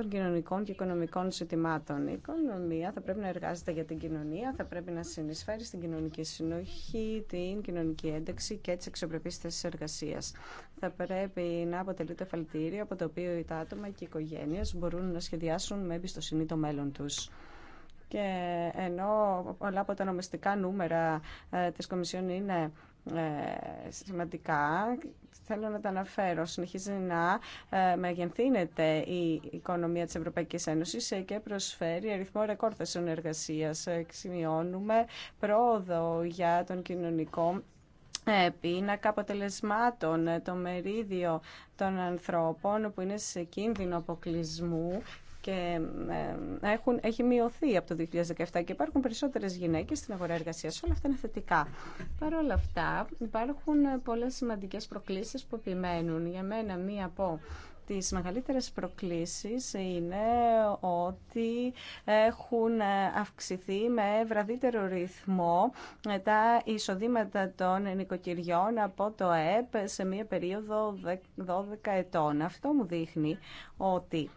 των κοινωνικών και οικονομικών ζητημάτων. Η οικονομία θα πρέπει να εργάζεται για την κοινωνία, θα πρέπει να συνεισφέρει στην κοινωνική συνοχή, την κοινωνική ένταξη και τι αξιοπρεπεί θέσει εργασία. Θα πρέπει να αποτελεί το εφαλτήριο από το οποίο τα άτομα και οι οικογένειε μπορούν να σχεδιάσουν με εμπιστοσύνη το μέλλον του. Και ενώ πολλά από τα νομιστικά νούμερα ε, της Κομισιόν είναι ε, σημαντικά. Θέλω να τα αναφέρω. Συνεχίζει να ε, μεγενθύνεται η οικονομία της Ευρωπαϊκής Ένωσης ε, και προσφέρει αριθμό ρεκόρ θέσεων εργασίας. Σημειώνουμε πρόοδο για τον κοινωνικό πίνακα αποτελεσμάτων, το μερίδιο των ανθρώπων που είναι σε κίνδυνο αποκλεισμού και ε, έχουν, έχει μειωθεί από το 2017 και υπάρχουν περισσότερες γυναίκες στην αγορά εργασίας. Όλα αυτά είναι θετικά. Παρ' όλα αυτά υπάρχουν πολλές σημαντικές προκλήσεις που επιμένουν. Για μένα μία από τις μεγαλύτερες προκλήσεις είναι ότι έχουν αυξηθεί με βραδύτερο ρυθμό τα εισοδήματα των νοικοκυριών από το ΕΠ σε μία περίοδο 12 ετών. Αυτό μου δείχνει ότι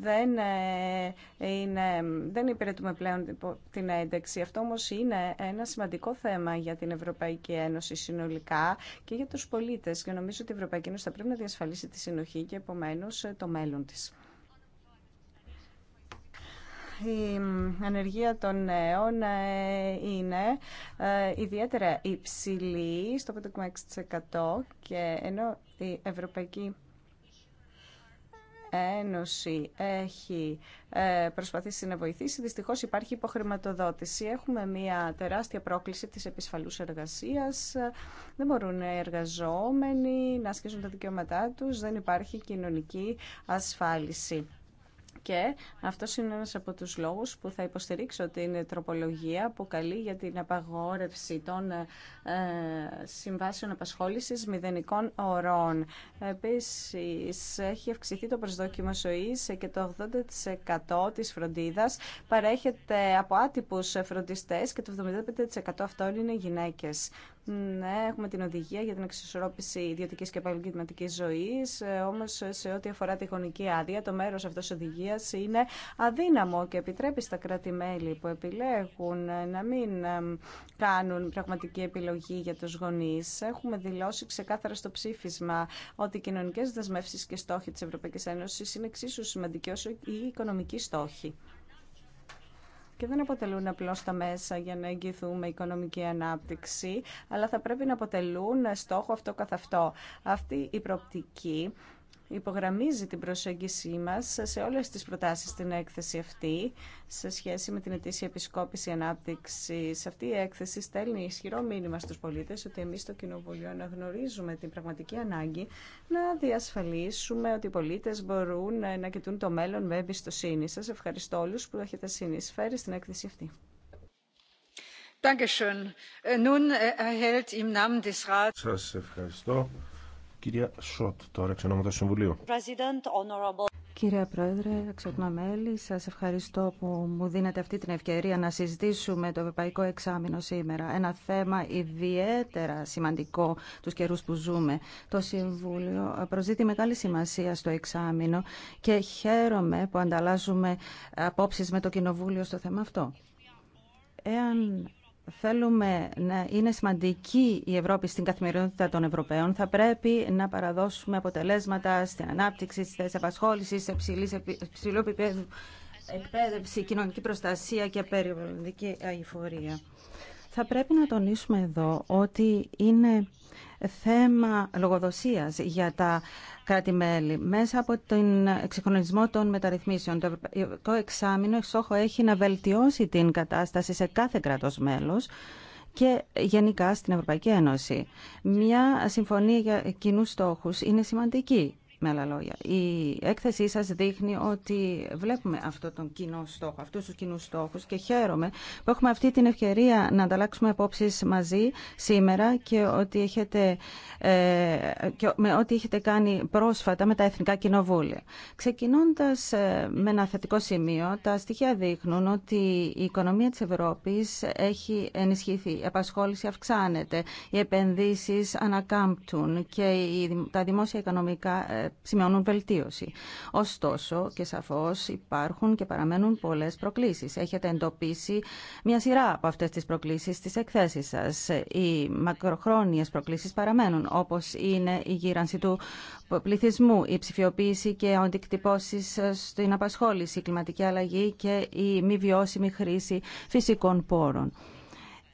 δεν, ε, είναι, δεν υπηρετούμε πλέον την ένταξη. Αυτό όμως είναι ένα σημαντικό θέμα για την Ευρωπαϊκή Ένωση συνολικά και για τους πολίτες. Και νομίζω ότι η Ευρωπαϊκή Ένωση θα πρέπει να διασφαλίσει τη συνοχή και επομένως το μέλλον της η ανεργία των νέων ε, είναι ε, ιδιαίτερα υψηλή, στο 5,6% και ενώ η Ευρωπαϊκή Ένωση έχει ε, προσπαθήσει να βοηθήσει, Δυστυχώ υπάρχει υποχρηματοδότηση. Έχουμε μια τεράστια πρόκληση της επισφαλού εργασίας. Δεν μπορούν οι εργαζόμενοι να ασκήσουν τα δικαιώματά τους. Δεν υπάρχει κοινωνική ασφάλιση. Και αυτό είναι ένας από τους λόγους που θα υποστηρίξω την τροπολογία που καλεί για την απαγόρευση των ε, συμβάσεων απασχόλησης μηδενικών ορών. Επίσης, έχει αυξηθεί το προσδόκιμο ζωής και το 80% της φροντίδας παρέχεται από άτυπους φροντιστές και το 75% αυτών είναι γυναίκες. Ναι, έχουμε την οδηγία για την εξισορρόπηση ιδιωτική και επαγγελματική ζωή. Ε, Όμω, σε ό,τι αφορά τη γονική άδεια, το μέρο αυτό τη οδηγία είναι αδύναμο και επιτρέπει στα κράτη-μέλη που επιλέγουν ε, να μην κάνουν πραγματική επιλογή για του γονεί. Έχουμε δηλώσει ξεκάθαρα στο ψήφισμα ότι οι κοινωνικέ δεσμεύσει και στόχοι τη Ευρωπαϊκή Ένωση είναι εξίσου σημαντικοί όσο οι οικονομικοί στόχοι και δεν αποτελούν απλώς τα μέσα για να εγγυηθούμε οικονομική ανάπτυξη, αλλά θα πρέπει να αποτελούν στόχο αυτό καθ' αυτό. Αυτή η προοπτική υπογραμμίζει την προσέγγιση μας σε όλες τις προτάσεις στην έκθεση αυτή σε σχέση με την ετήσια επισκόπηση ανάπτυξη. Σε αυτή η έκθεση στέλνει ισχυρό μήνυμα στους πολίτες ότι εμείς στο Κοινοβουλίο αναγνωρίζουμε την πραγματική ανάγκη να διασφαλίσουμε ότι οι πολίτες μπορούν να κοιτούν το μέλλον με εμπιστοσύνη. Σα. ευχαριστώ όλους που έχετε συνεισφέρει στην έκθεση αυτή. Äh, ευχαριστώ κυρία Σότ, τώρα εξ Συμβουλίου. Κύριε Πρόεδρε, εξωτνά μέλη, σας ευχαριστώ που μου δίνετε αυτή την ευκαιρία να συζητήσουμε το Ευρωπαϊκό Εξάμεινο σήμερα. Ένα θέμα ιδιαίτερα σημαντικό τους καιρούς που ζούμε. Το Συμβούλιο προσδίδει μεγάλη σημασία στο Εξάμεινο και χαίρομαι που ανταλλάσσουμε απόψεις με το Κοινοβούλιο στο θέμα αυτό. Εάν θέλουμε να είναι σημαντική η Ευρώπη στην καθημερινότητα των Ευρωπαίων, θα πρέπει να παραδώσουμε αποτελέσματα στην ανάπτυξη, στι θέσει απασχόληση, σε ψηλό επίπεδο εκπαίδευση, κοινωνική προστασία και περιβαλλοντική αηφορία. Θα πρέπει να τονίσουμε εδώ ότι είναι θέμα λογοδοσίας για τα κράτη-μέλη. Μέσα από τον εξυγχρονισμό των μεταρρυθμίσεων, το Ευρωπαϊκό Εξάμεινο έχει να βελτιώσει την κατάσταση σε κάθε κράτος μέλος και γενικά στην Ευρωπαϊκή Ένωση. Μια συμφωνία για κοινού στόχους είναι σημαντική με άλλα λόγια, η έκθεσή σα δείχνει ότι βλέπουμε αυτό τον κοινό στόχο, αυτούς τους κοινούς στόχους και χαίρομαι που έχουμε αυτή την ευκαιρία να ανταλλάξουμε απόψει μαζί σήμερα και, ότι έχετε, ε, και με ό,τι έχετε κάνει πρόσφατα με τα Εθνικά Κοινοβούλια. Ξεκινώντας ε, με ένα θετικό σημείο, τα στοιχεία δείχνουν ότι η οικονομία τη Ευρώπη έχει ενισχυθεί, η απασχόληση αυξάνεται, οι επενδύσει ανακάμπτουν και τα δημόσια οικονομικά ε, σημειώνουν βελτίωση. Ωστόσο και σαφώ υπάρχουν και παραμένουν πολλέ προκλήσει. Έχετε εντοπίσει μια σειρά από αυτέ τι προκλήσει στι εκθέσεις σα. Οι μακροχρόνιε προκλήσεις παραμένουν όπως είναι η γύρανση του πληθυσμού, η ψηφιοποίηση και αντικτυπώσει στην απασχόληση, η κλιματική αλλαγή και η μη βιώσιμη χρήση φυσικών πόρων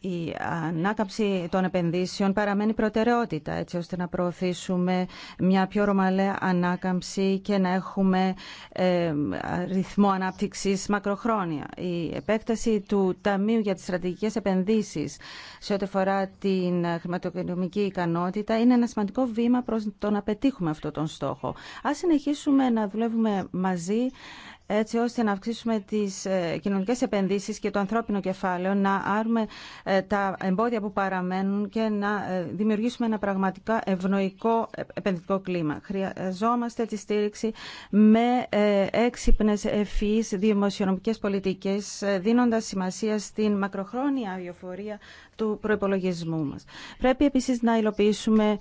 η ανάκαμψη των επενδύσεων παραμένει προτεραιότητα έτσι ώστε να προωθήσουμε μια πιο ρωμαλαία ανάκαμψη και να έχουμε ε, ρυθμό ανάπτυξης μακροχρόνια. Η επέκταση του Ταμείου για τις Στρατηγικές Επενδύσεις σε ό,τι αφορά την χρηματοοικονομική ικανότητα είναι ένα σημαντικό βήμα προς το να πετύχουμε αυτόν τον στόχο. Ας συνεχίσουμε να δουλεύουμε μαζί έτσι ώστε να αυξήσουμε τις ε, κοινωνικές επενδύσεις και το ανθρώπινο κεφάλαιο, να άρουμε ε, τα εμπόδια που παραμένουν και να ε, δημιουργήσουμε ένα πραγματικά ευνοϊκό επενδυτικό κλίμα. Χρειαζόμαστε τη στήριξη με έξυπνες ευφυείς δημοσιονομικές πολιτικές, δίνοντας σημασία στην μακροχρόνια αδιοφορία του προϋπολογισμού μας. Πρέπει επίσης να υλοποιήσουμε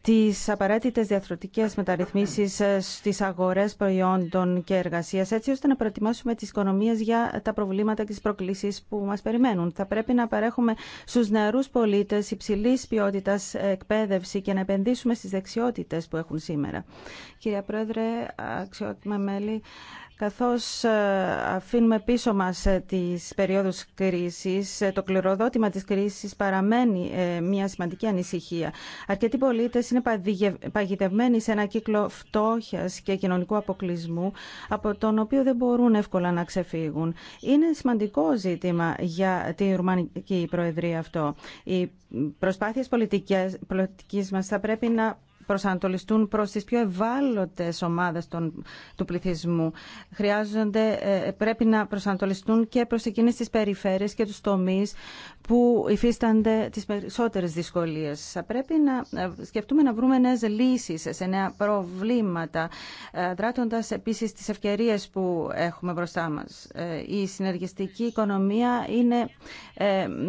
τις απαραίτητες διαθροτικές μεταρρυθμίσεις στις αγορές προϊόντων και εργασίες έτσι ώστε να προετοιμάσουμε τις οικονομίες για τα προβλήματα και τι προκλήσεις που μας περιμένουν. Θα πρέπει να παρέχουμε στου νεαρού πολίτες υψηλή ποιότητας εκπαίδευση και να επενδύσουμε στις δεξιότητες που έχουν σήμερα. Κυρία Πρόεδρε, αξιότιμα μέλη, Καθώς ε, αφήνουμε πίσω μας ε, τις περίοδους κρίσης, ε, το κληροδότημα της κρίσης παραμένει μια σημαντική ανησυχία. Αρκετοί πολίτες είναι παγιδευμένοι σε ένα κύκλο φτώχειας και κοινωνικού αποκλεισμού, από τον οποίο δεν μπορούν εύκολα να ξεφύγουν. Είναι σημαντικό ζήτημα για την Ρουμανική Προεδρία αυτό. Οι προσπάθειες πολιτικής μας θα πρέπει να προσανατολιστούν προς τις πιο ευάλωτες ομάδες του πληθυσμού. Χρειάζονται, ε, πρέπει να προσανατολιστούν και προς εκείνες τις περιφέρειες και τους τομείς που υφίστανται τις περισσότερες δυσκολίες. Θα πρέπει να ε, σκεφτούμε να βρούμε νέες λύσεις σε νέα προβλήματα, ε, δράτοντας επίσης τις ευκαιρίες που έχουμε μπροστά μας. Η συνεργιστική οικονομία είναι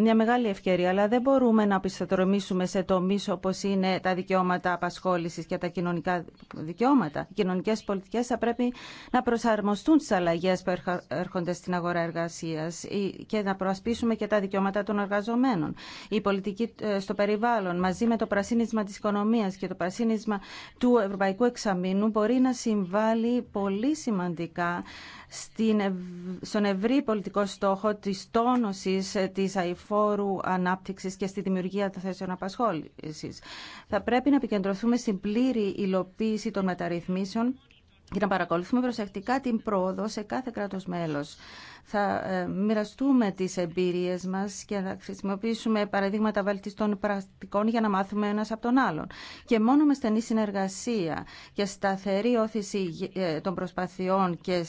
μια μεγάλη ευκαιρία, αλλά δεν μπορούμε να πιστοτρομήσουμε σε τομείς όπως είναι τα δικαιώματα απασχόλησης και τα κοινωνικά δικαιώματα. Οι κοινωνικές πολιτικές θα πρέπει να προσαρμοστούν τις αλλαγές που έρχονται στην αγορά εργασίας και να προασπίσουμε και τα δικαιώματα των εργαζομένων. Η πολιτική ε, στο περιβάλλον μαζί με το πρασίνισμα της οικονομίας και το πρασίνισμα του Ευρωπαϊκού Εξαμήνου μπορεί να συμβάλλει πολύ σημαντικά στον ευρύ πολιτικό στόχο της τόνωσης ε, της αηφόρου ανάπτυξης και στη δημιουργία των θέσεων απασχόλησης. Θα πρέπει να επικεντρωθούμε στην πλήρη υλοποίηση των μεταρρυθμίσεων και να παρακολουθούμε προσεκτικά την πρόοδο σε κάθε κράτος μέλος. Θα ε, μοιραστούμε τις εμπειρίες μας και θα χρησιμοποιήσουμε παραδείγματα βελτιστών πρακτικών για να μάθουμε ένας από τον άλλον. Και μόνο με στενή συνεργασία και σταθερή όθηση ε, των προσπαθειών και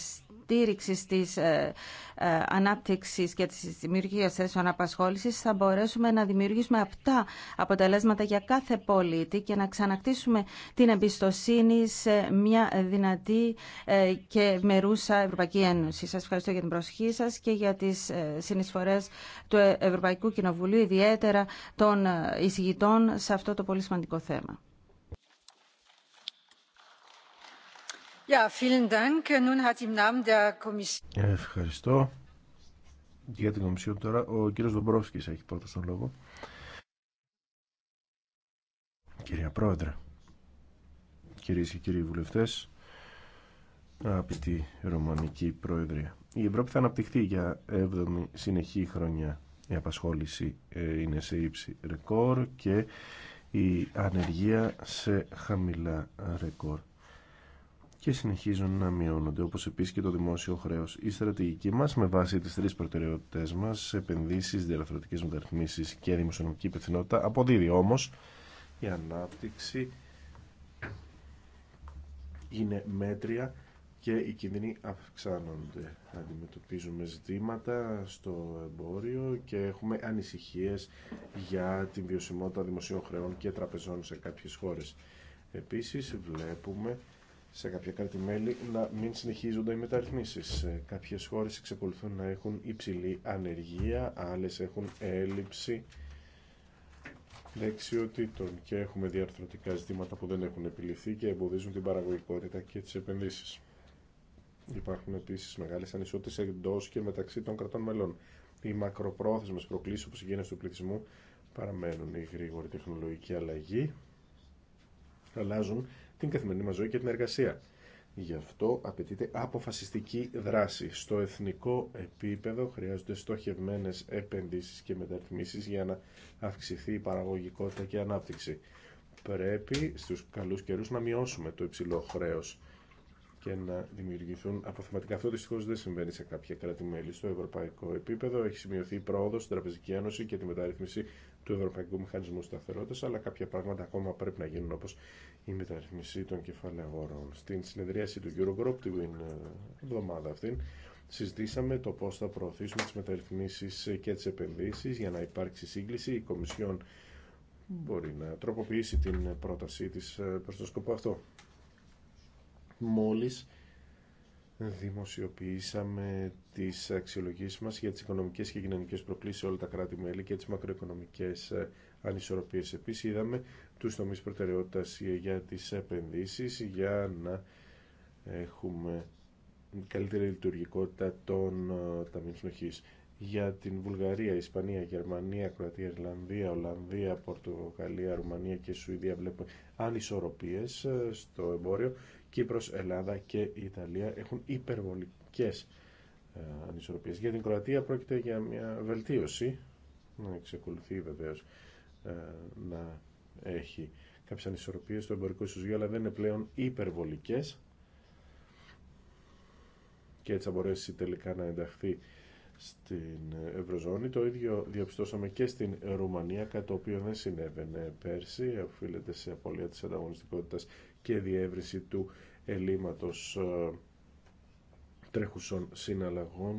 τη της ε, ε, ανάπτυξης και τη δημιουργία θέσεων απασχόληση, θα μπορέσουμε να δημιουργήσουμε αυτά αποτελέσματα για κάθε πολίτη και να ξανακτήσουμε την εμπιστοσύνη σε μια δυνατή ε, και μερούσα Ευρωπαϊκή Ένωση. Σα ευχαριστώ για την προσοχή σα και για τις συνεισφορέ του Ευρωπαϊκού Κοινοβουλίου, ιδιαίτερα των εισηγητών σε αυτό το πολύ σημαντικό θέμα. Ευχαριστώ. Για την Κομισιόν τώρα, ο κύριος Δομπρόφσκης έχει πρώτος τον λόγο. Κυρία Πρόεδρε, κυρίες και κύριοι βουλευτές, αγαπητή Ρωμανική Πρόεδρε, η Ευρώπη θα αναπτυχθεί για 7η συνεχή χρονιά. Η απασχόληση ε, είναι σε ύψη ρεκόρ και η ανεργία σε χαμηλά ρεκόρ και συνεχίζουν να μειώνονται, όπως επίσης και το δημόσιο χρέος. Η στρατηγική μας, με βάση τις τρεις προτεραιότητες μας, επενδύσεις, διαρθρωτικές μεταρρυθμίσεις και δημοσιονομική υπευθυνότητα, αποδίδει όμως η ανάπτυξη είναι μέτρια και οι κίνδυνοι αυξάνονται. Αντιμετωπίζουμε ζητήματα στο εμπόριο και έχουμε ανησυχίες για την βιωσιμότητα δημοσίων χρεών και τραπεζών σε κάποιες χώρες. Επίσης βλέπουμε σε κάποια κράτη-μέλη να μην συνεχίζονται οι μεταρρυθμίσεις. Σε κάποιες χώρες εξακολουθούν να έχουν υψηλή ανεργία, άλλες έχουν έλλειψη δεξιοτήτων και έχουμε διαρθρωτικά ζητήματα που δεν έχουν επιληθεί και εμποδίζουν την παραγωγικότητα και τις επενδύσεις. Υπάρχουν επίσης μεγάλες ανισότητες εντό και μεταξύ των κρατών μελών. Οι μακροπρόθεσμες προκλήσεις όπως η γέννηση του πληθυσμού παραμένουν η γρήγορη τεχνολογική αλλαγή. Αλλάζουν την καθημερινή μας ζωή και την εργασία. Γι' αυτό απαιτείται αποφασιστική δράση. Στο εθνικό επίπεδο χρειάζονται στοχευμένες επενδύσεις και μεταρρυθμίσεις για να αυξηθεί η παραγωγικότητα και η ανάπτυξη. Πρέπει στους καλούς καιρού να μειώσουμε το υψηλό χρέο και να δημιουργηθούν αποθεματικά. Αυτό δυστυχώ δεν συμβαίνει σε κάποια κράτη-μέλη. Στο ευρωπαϊκό επίπεδο έχει σημειωθεί η πρόοδο στην Τραπεζική Ένωση και τη μεταρρύθμιση του Ευρωπαϊκού Μηχανισμού Σταθερότητα, αλλά κάποια πράγματα ακόμα πρέπει να γίνουν όπω η μεταρρυθμίση των κεφαλαίων αγορών. Στην συνεδρίαση του Eurogroup την ε, εβδομάδα αυτή συζητήσαμε το πώ θα προωθήσουμε τι μεταρρυθμίσει και τι επενδύσει για να υπάρξει σύγκληση. Η Κομισιόν μπορεί να τροποποιήσει την πρότασή τη ε, προ το σκοπό αυτό. Μόλις δημοσιοποιήσαμε τι αξιολογίε μα για τι οικονομικέ και κοινωνικέ προκλήσει σε όλα τα κράτη-μέλη και τι μακροοικονομικέ ε, ανισορροπίε. Επίση είδαμε του τομεί προτεραιότητα για τι επενδύσει, για να έχουμε καλύτερη λειτουργικότητα των ε, ταμείων συνοχή. Για την Βουλγαρία, Ισπανία, Γερμανία, Κροατία, Ιρλανδία, Ολλανδία, Πορτογαλία, Ρουμανία και Σουηδία βλέπουμε ανισορροπίες ε, στο εμπόριο Κύπρος, Ελλάδα και Ιταλία έχουν υπερβολικές ε, ανισορροπίες. Για την Κροατία πρόκειται για μια βελτίωση, να εξεκολουθεί βεβαίω ε, να έχει κάποιες ανισορροπίες στο εμπορικό ισοζύγιο, αλλά δεν είναι πλέον υπερβολικές και έτσι θα μπορέσει τελικά να ενταχθεί στην Ευρωζώνη. Το ίδιο διαπιστώσαμε και στην Ρουμανία, κάτι το οποίο δεν συνέβαινε πέρσι, οφείλεται σε απώλεια της ανταγωνιστικότητας και διεύρυνση του ελλείμματος ε, τρέχουσων συναλλαγών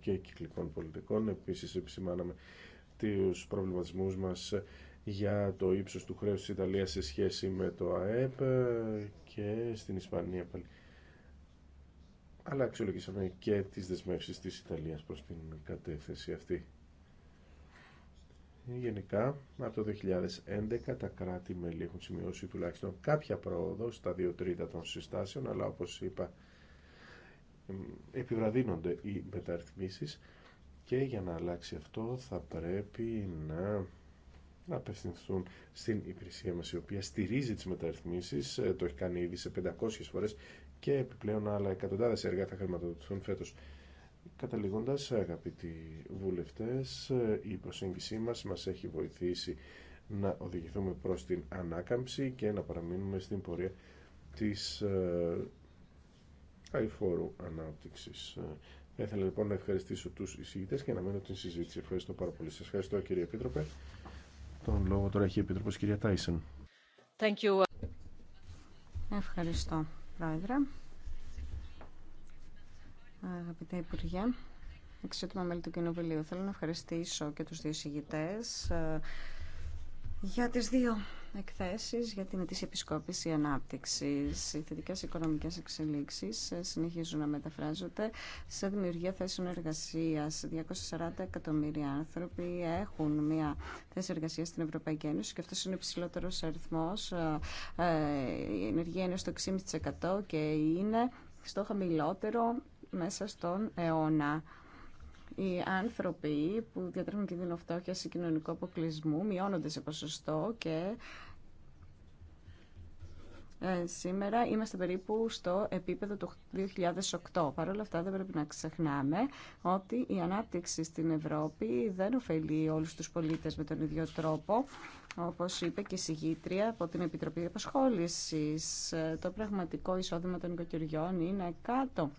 και κυκλικών πολιτικών. Επίσης επισημάναμε τους προβληματισμούς μας για το ύψος του χρέους της Ιταλίας σε σχέση με το ΑΕΠ ε, και στην Ισπανία πάλι. Αλλά αξιολογήσαμε και τις δεσμεύσεις της Ιταλίας προς την κατεύθυνση αυτή. Γενικά, από το 2011 τα κράτη-μέλη έχουν σημειώσει τουλάχιστον κάποια πρόοδο στα δύο τρίτα των συστάσεων, αλλά όπως είπα επιβραδύνονται οι μεταρρυθμίσεις και για να αλλάξει αυτό θα πρέπει να απευθυνθούν στην υπηρεσία μας η οποία στηρίζει τις μεταρρυθμίσεις ε, το έχει κάνει ήδη σε 500 φορές και επιπλέον άλλα εκατοντάδες έργα θα χρηματοδοτηθούν φέτος Καταλήγοντας, αγαπητοί βουλευτές, η προσέγγισή μας μας έχει βοηθήσει να οδηγηθούμε προς την ανάκαμψη και να παραμείνουμε στην πορεία της ε, αηφόρου ανάπτυξης. Θα ήθελα λοιπόν να ευχαριστήσω τους εισηγητές και να μένω την συζήτηση. Ευχαριστώ πάρα πολύ. Σας ευχαριστώ κύριε Επίτροπε. Τον λόγο τώρα έχει η Επίτροπος κυρία Τάισεν. Ευχαριστώ, Πρόεδρε. Αγαπητέ Υπουργέ, εξότιμα μέλη του Κοινοβουλίου, θέλω να ευχαριστήσω και τους δύο συγητές ε, για τις δύο εκθέσεις για την ετήσια επισκόπηση ανάπτυξης. Οι θετικές οικονομικές εξελίξεις ε, συνεχίζουν να μεταφράζονται σε δημιουργία θέσεων εργασίας. 240 εκατομμύρια άνθρωποι έχουν μια θέση εργασίας στην Ευρωπαϊκή Ένωση και αυτός είναι ο υψηλότερος αριθμός. Ε, η ενεργία είναι στο 6,5% και είναι στο χαμηλότερο μέσα στον αιώνα. Οι άνθρωποι που διατρέχουν κίνδυνο φτώχεια ή κοινωνικού αποκλεισμού μειώνονται σε ποσοστό και ε, σήμερα είμαστε περίπου στο επίπεδο του 2008. Παρ' όλα αυτά δεν πρέπει να ξεχνάμε ότι η ανάπτυξη στην Ευρώπη δεν ωφελεί όλους τους πολίτες με τον ίδιο τρόπο. Όπως είπε και η συγγήτρια από την Επιτροπή Επασχόλησης, ε, το πραγματικό εισόδημα των οικοκυριών είναι κάτω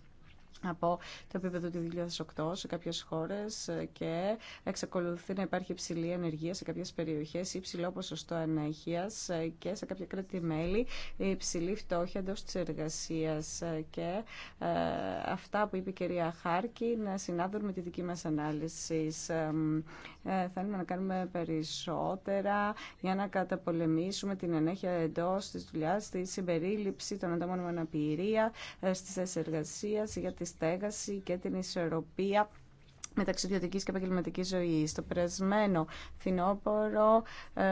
από το επίπεδο του 2008 σε κάποιες χώρες και εξακολουθεί να υπάρχει υψηλή ανεργία σε κάποιες περιοχές, υψηλό ποσοστό ανέχειας και σε κάποια κράτη-μέλη υψηλή φτώχεια εντός της εργασίας και ε, αυτά που είπε η κυρία Χάρκη να συνάδουν με τη δική μας ανάλυση. Ε, ε, θέλουμε να κάνουμε περισσότερα για να καταπολεμήσουμε την ανέχεια εντός της δουλειάς, τη συμπερίληψη των ατόμων με αναπηρία, ε, στις εργασίες, για τη στέγαση και την ισορροπία μεταξύ ιδιωτική και επαγγελματική ζωή. Το περασμένο φθινόπωρο ε,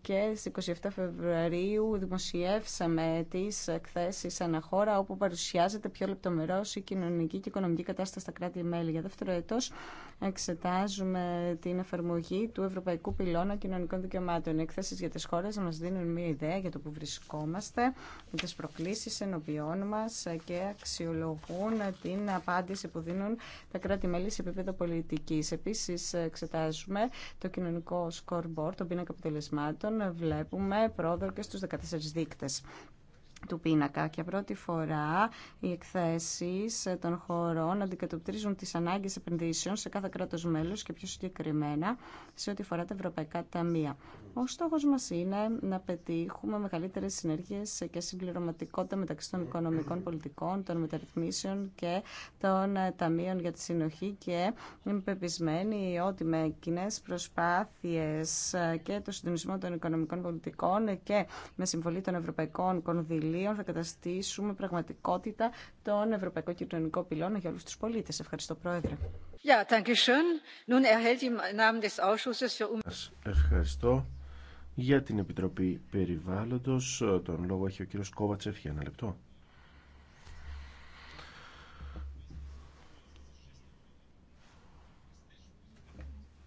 και στι 27 Φεβρουαρίου δημοσιεύσαμε τι εκθέσει αναχώρα όπου παρουσιάζεται πιο λεπτομερώ η κοινωνική και οικονομική κατάσταση στα κράτη-μέλη. Για δεύτερο έτο εξετάζουμε την εφαρμογή του Ευρωπαϊκού Πυλώνα Κοινωνικών Δικαιωμάτων. Οι εκθέσει για τι χώρε μα δίνουν μια ιδέα για το που βρισκόμαστε, για τι προκλήσει ενωπιών μα ε, και αξιολογούν την απάντηση που δίνουν τα κράτη-μέλη σε επίπεδο πολιτικής. Επίσης εξετάζουμε το κοινωνικό scoreboard, τον πίνακα αποτελεσμάτων. Βλέπουμε πρόοδο και στους 14 δείκτε του πίνακα και πρώτη φορά οι εκθέσεις των χωρών αντικατοπτρίζουν τις ανάγκες επενδύσεων σε κάθε κράτος μέλος και πιο συγκεκριμένα σε ό,τι αφορά τα ευρωπαϊκά ταμεία. Ο στόχο μα είναι να πετύχουμε μεγαλύτερε συνέργειε και συμπληρωματικότητα μεταξύ των οικονομικών πολιτικών, των μεταρρυθμίσεων και των ε, ταμείων για τη συνοχή και είμαι πεπισμένη ότι με κοινέ προσπάθειε ε, και το συντονισμό των οικονομικών πολιτικών και με συμβολή των ευρωπαϊκών κονδυλίων θα καταστήσουμε πραγματικότητα τον ευρωπαϊκό κοινωνικό πυλώνα για όλου του πολίτε. Ευχαριστώ Πρόεδρε. Um- ευχαριστώ. Για την Επιτροπή Περιβάλλοντος, τον λόγο έχει ο κύριος Κόβατσεφ για ένα λεπτό.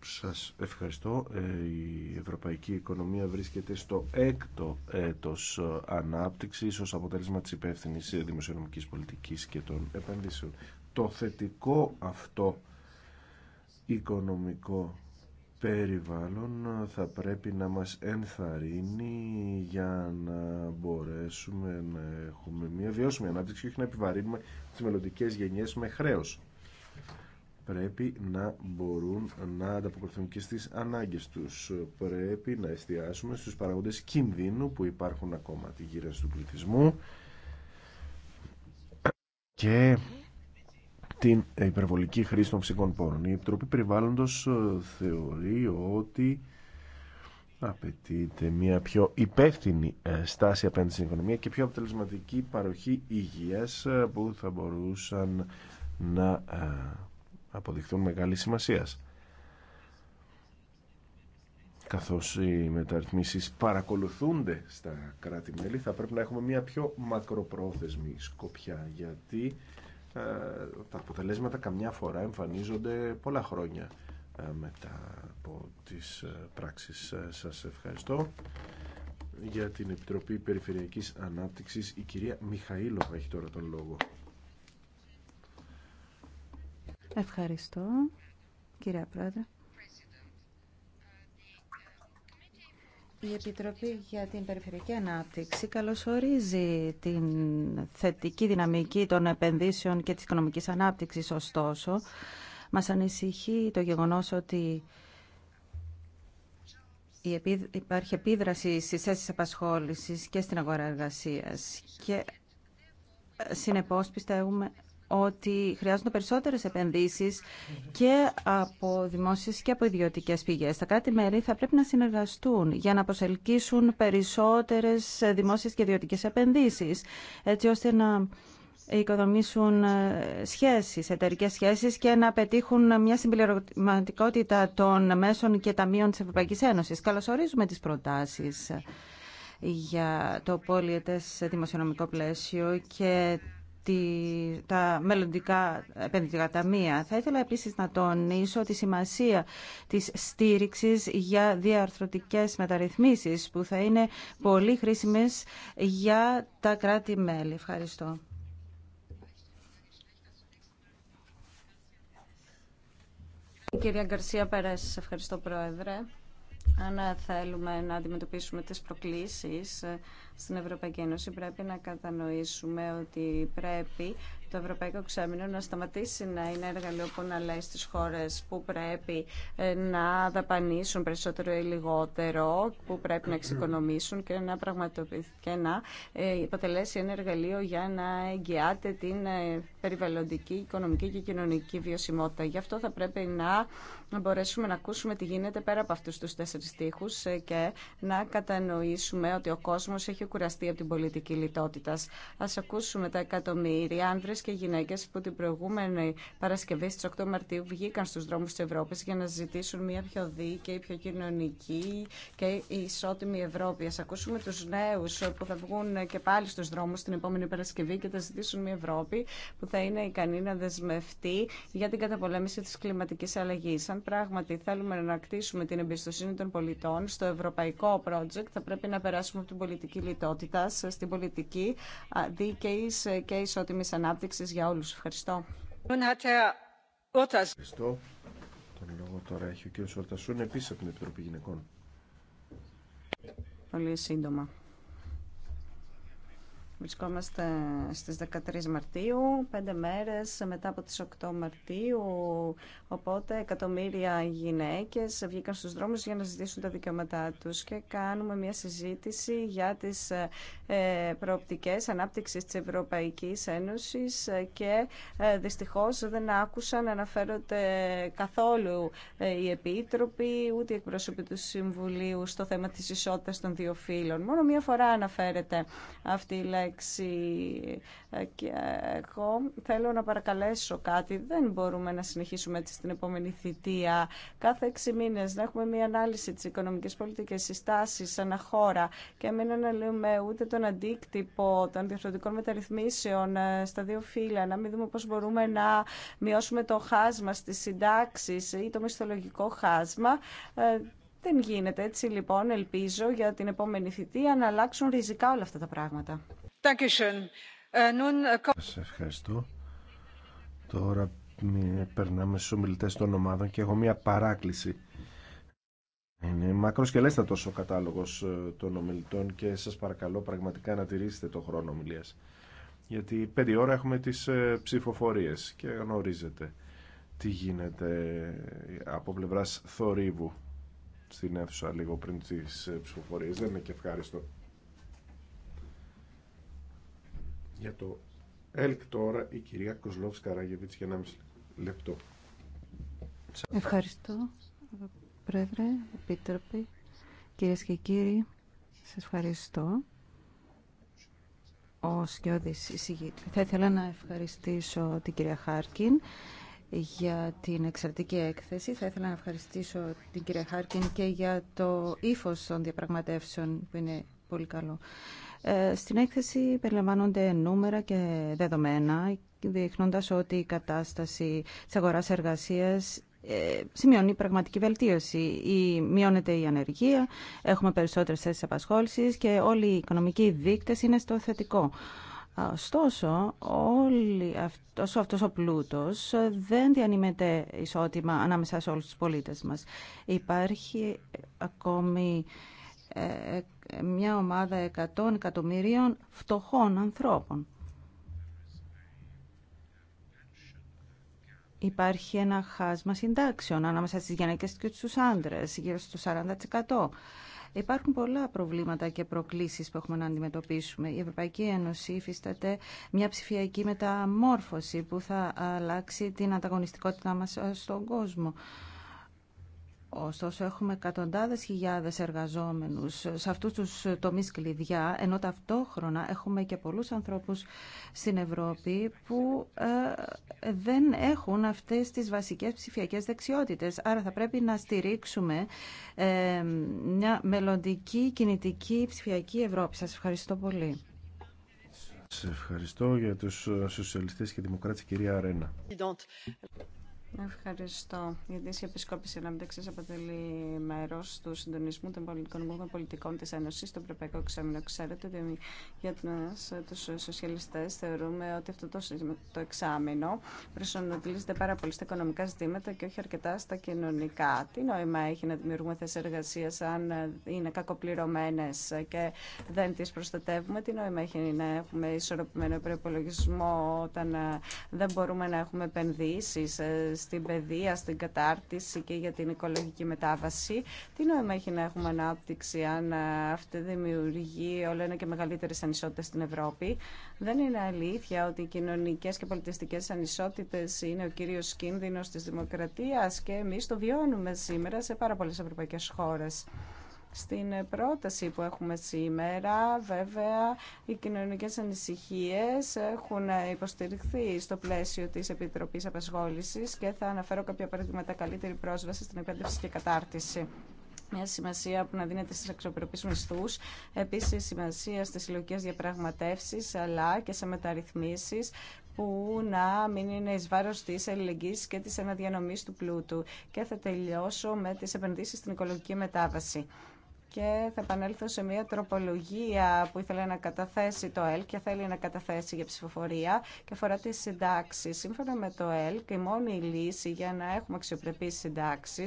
Σας ευχαριστώ. Ε, η ευρωπαϊκή οικονομία βρίσκεται στο έκτο έτος ε, ανάπτυξης ως αποτέλεσμα της υπεύθυνη δημοσιονομικής πολιτικής και των επενδύσεων. Το θετικό αυτό οικονομικό περιβάλλον θα πρέπει να μας ενθαρρύνει για να μπορέσουμε να έχουμε μια βιώσιμη ανάπτυξη και όχι να επιβαρύνουμε τις μελλοντικές γενιές με χρέος. Πρέπει να μπορούν να ανταποκριθούν και στις ανάγκες τους. Πρέπει να εστιάσουμε στους παραγόντες κινδύνου που υπάρχουν ακόμα τη γύρα του πληθυσμού και την υπερβολική χρήση των ψυχών πόρων. Η Επιτροπή Περιβάλλοντος ε, θεωρεί ότι απαιτείται μια πιο υπεύθυνη ε, στάση απέναντι στην οικονομία και πιο αποτελεσματική παροχή υγείας ε, που θα μπορούσαν να αποδειχθούν μεγάλη σημασία. Καθώς οι μεταρρυθμίσεις παρακολουθούνται στα κράτη-μέλη θα πρέπει να έχουμε μια πιο μακροπρόθεσμη σκοπιά γιατί ε, τα αποτελέσματα καμιά φορά εμφανίζονται πολλά χρόνια ε, μετά από τις ε, πράξεις σας ευχαριστώ για την Επιτροπή Περιφερειακής Ανάπτυξης η κυρία Μιχαήλοβα έχει τώρα τον λόγο Ευχαριστώ κυρία Πρόεδρε Η Επιτροπή για την Περιφερειακή Ανάπτυξη καλωσορίζει την θετική δυναμική των επενδύσεων και της οικονομικής ανάπτυξης. Ωστόσο, μας ανησυχεί το γεγονός ότι υπάρχει επίδραση στις θέσεις απασχόλησης και στην αγορά εργασίας. Και συνεπώς πιστεύουμε ότι χρειάζονται περισσότερες επενδύσεις και από δημόσιες και από ιδιωτικές πηγές. Τα κάτι μερη θα πρέπει να συνεργαστούν για να προσελκύσουν περισσότερες δημόσιες και ιδιωτικές επενδύσεις, έτσι ώστε να οικοδομήσουν ε, σχέσεις, εταιρικές σχέσεις και να πετύχουν μια συμπληρωματικότητα των μέσων και ταμείων της Ευρωπαϊκής Ένωσης. Καλωσορίζουμε τις προτάσεις για το πολιετές δημοσιονομικό πλαίσιο και τα μελλοντικά επενδυτικά ταμεία. Θα ήθελα επίσης να τονίσω τη σημασία της στήριξης για διαρθρωτικές μεταρρυθμίσεις που θα είναι πολύ χρήσιμες για τα κράτη-μέλη. Ευχαριστώ. Κυρία Γκαρσία πέρας ευχαριστώ Πρόεδρε. Αν θέλουμε να αντιμετωπίσουμε τις προκλήσεις ε, στην Ευρωπαϊκή Ένωση, πρέπει να κατανοήσουμε ότι πρέπει το Ευρωπαϊκό Ξέμινο να σταματήσει να είναι εργαλείο που να λέει στις χώρες που πρέπει ε, να δαπανίσουν περισσότερο ή λιγότερο, που πρέπει να εξοικονομήσουν και να πραγματοποιηθεί να ε, υποτελέσει ένα εργαλείο για να εγγυάται την περιβαλλοντική, οικονομική και κοινωνική βιωσιμότητα. Γι' αυτό θα πρέπει να να μπορέσουμε να ακούσουμε τι γίνεται πέρα από αυτούς τους τέσσερις τείχους ε, και να κατανοήσουμε ότι ο κόσμος έχει κουραστεί από την πολιτική λιτότητα. Ας ακούσουμε τα εκατομμύρια άνδρες και γυναίκες που την προηγούμενη Παρασκευή στις 8 Μαρτίου βγήκαν στους δρόμους της Ευρώπης για να ζητήσουν μια πιο δίκαιη, πιο κοινωνική και ισότιμη Ευρώπη. Ας ακούσουμε τους νέους που θα βγουν και πάλι στους δρόμους την επόμενη Παρασκευή και θα ζητήσουν μια Ευρώπη που θα είναι ικανή να δεσμευτεί για την καταπολέμηση της κλιματικής αλλαγής πράγματι θέλουμε να ανακτήσουμε την εμπιστοσύνη των πολιτών στο ευρωπαϊκό project, θα πρέπει να περάσουμε από την πολιτική λιτότητα στην πολιτική δίκαιη και ισότιμη ανάπτυξη για όλου. Ευχαριστώ. Ευχαριστώ. Τον λόγο τώρα έχει ο κ. Ορτασούν, επίση από την Επιτροπή Γυναικών. Πολύ σύντομα. Βρισκόμαστε στις 13 Μαρτίου, πέντε μέρες μετά από τις 8 Μαρτίου, οπότε εκατομμύρια γυναίκες βγήκαν στους δρόμους για να ζητήσουν τα δικαιώματά τους και κάνουμε μια συζήτηση για τις ε, προοπτικές ανάπτυξης της Ευρωπαϊκής Ένωσης και ε, δυστυχώς δεν άκουσαν να αναφέρονται καθόλου ε, οι επίτροποι, ούτε οι εκπρόσωποι του Συμβουλίου στο θέμα της ισότητας των δύο φύλων. Μόνο μία φορά αναφέρεται αυτή η ε, και εγώ θέλω να παρακαλέσω κάτι. Δεν μπορούμε να συνεχίσουμε έτσι στην επόμενη θητεία. Κάθε έξι μήνε να έχουμε μία ανάλυση τη οικονομική πολιτική συστάση αναχώρα και μην αναλύουμε ούτε τον αντίκτυπο των διαφορετικών μεταρρυθμίσεων ε, στα δύο φύλλα. Να μην δούμε πώ μπορούμε να μειώσουμε το χάσμα στι συντάξει ή το μισθολογικό χάσμα. Ε, δεν γίνεται. Έτσι λοιπόν ελπίζω για την επόμενη θητεία να αλλάξουν ριζικά όλα αυτά τα πράγματα. Äh, äh, Σα ευχαριστώ. Τώρα περνάμε στου ομιλητές των ομάδων και έχω μία παράκληση. Είναι μακρός και ο κατάλογος ε, των ομιλητών και σας παρακαλώ πραγματικά να τηρήσετε το χρόνο ομιλίας. Γιατί πέντε ώρα έχουμε τις ε, ψηφοφορίες και γνωρίζετε τι γίνεται από πλευρά θορύβου στην αίθουσα λίγο πριν τι ε, ψηφοφορίε. Δεν είναι και Για το ΕΛΚ τώρα η κυρία Κοσλόφ Καράγεβιτς για 1,5 λεπτό. Ευχαριστώ, Πρόεδρε, Επίτροποι, κυρίες και κύριοι. Σας ευχαριστώ. Σκιώδης Θα ήθελα να ευχαριστήσω την κυρία Χάρκιν για την εξαιρετική έκθεση. Θα ήθελα να ευχαριστήσω την κυρία Χάρκιν και για το ύφος των διαπραγματεύσεων που είναι πολύ καλό. Ε, στην έκθεση περιλαμβάνονται νούμερα και δεδομένα, δείχνοντα ότι η κατάσταση τη αγοράς εργασίας ε, σημειώνει πραγματική βελτίωση. Η, μειώνεται η ανεργία, έχουμε περισσότερες θέσεις απασχόλησης και όλοι οι οικονομικοί δείκτες είναι στο θετικό. Ωστόσο, όλοι αυτός, αυτός ο πλούτος ε, δεν διανύμεται ισότιμα ανάμεσα σε όλους τους πολίτες μας. Υπάρχει ακόμη ε, ε, μια ομάδα εκατόν εκατομμυρίων φτωχών ανθρώπων. Υπάρχει ένα χάσμα συντάξεων ανάμεσα στις γυναίκες και στους άντρες, γύρω στο 40%. Υπάρχουν πολλά προβλήματα και προκλήσεις που έχουμε να αντιμετωπίσουμε. Η Ευρωπαϊκή Ένωση υφίσταται μια ψηφιακή μεταμόρφωση που θα αλλάξει την ανταγωνιστικότητά μας στον κόσμο. Ωστόσο, έχουμε εκατοντάδες χιλιάδες εργαζόμενους σε αυτούς τους τομείς κλειδιά, ενώ ταυτόχρονα έχουμε και πολλούς ανθρώπους στην Ευρώπη που ε, δεν έχουν αυτές τις βασικές ψηφιακές δεξιότητες. Άρα θα πρέπει να στηρίξουμε ε, μια μελλοντική κινητική ψηφιακή Ευρώπη. Σας ευχαριστώ πολύ. Σας ευχαριστώ για τους σοσιαλιστές και δημοκράτες, κυρία Αρένα. Ευχαριστώ. Η Δύση Επισκόπηση Ανάπτυξη αποτελεί μέρο του συντονισμού των πολιτικών πολιτικών τη Ένωση στο Ευρωπαϊκό Εξάμεινο. Ξέρετε ότι για του σοσιαλιστέ θεωρούμε ότι αυτό το, το εξάμεινο προσανατολίζεται πάρα πολύ στα οικονομικά ζητήματα και όχι αρκετά στα κοινωνικά. Τι νόημα έχει να δημιουργούμε θέσει εργασία αν είναι κακοπληρωμένε και δεν τι προστατεύουμε. Τι νόημα έχει να έχουμε ισορροπημένο προπολογισμό όταν δεν μπορούμε να έχουμε επενδύσει στην παιδεία, στην κατάρτιση και για την οικολογική μετάβαση. Τι νόημα έχει να έχουμε ανάπτυξη αν ε, αυτή δημιουργεί όλο ένα και μεγαλύτερες ανισότητε στην Ευρώπη. Δεν είναι αλήθεια ότι οι κοινωνικές και πολιτιστικέ ανισότητε είναι ο κύριος κίνδυνος τη δημοκρατία και εμεί το βιώνουμε σήμερα σε πάρα πολλέ ευρωπαϊκέ χώρε. Στην ε, πρόταση που έχουμε σήμερα, βέβαια, οι κοινωνικές ανησυχίες έχουν ε, υποστηριχθεί στο πλαίσιο της Επιτροπής Απασχόλησης και θα αναφέρω κάποια παραδείγματα καλύτερη πρόσβαση στην εκπαίδευση και κατάρτιση μια σημασία που να δίνεται στι αξιοπρεπεί μισθού. επίσης σημασία στι συλλογικέ διαπραγματεύσει, αλλά και σε μεταρρυθμίσει που να μην είναι ει βάρο τη αλληλεγγύη και τη αναδιανομή του πλούτου. Και θα τελειώσω με τι επενδύσει στην οικολογική μετάβαση και θα επανέλθω σε μια τροπολογία που ήθελε να καταθέσει το ΕΛΚ και θέλει να καταθέσει για ψηφοφορία και αφορά τις συντάξει. Σύμφωνα με το ΕΛΚ η μόνη λύση για να έχουμε αξιοπρεπεί συντάξει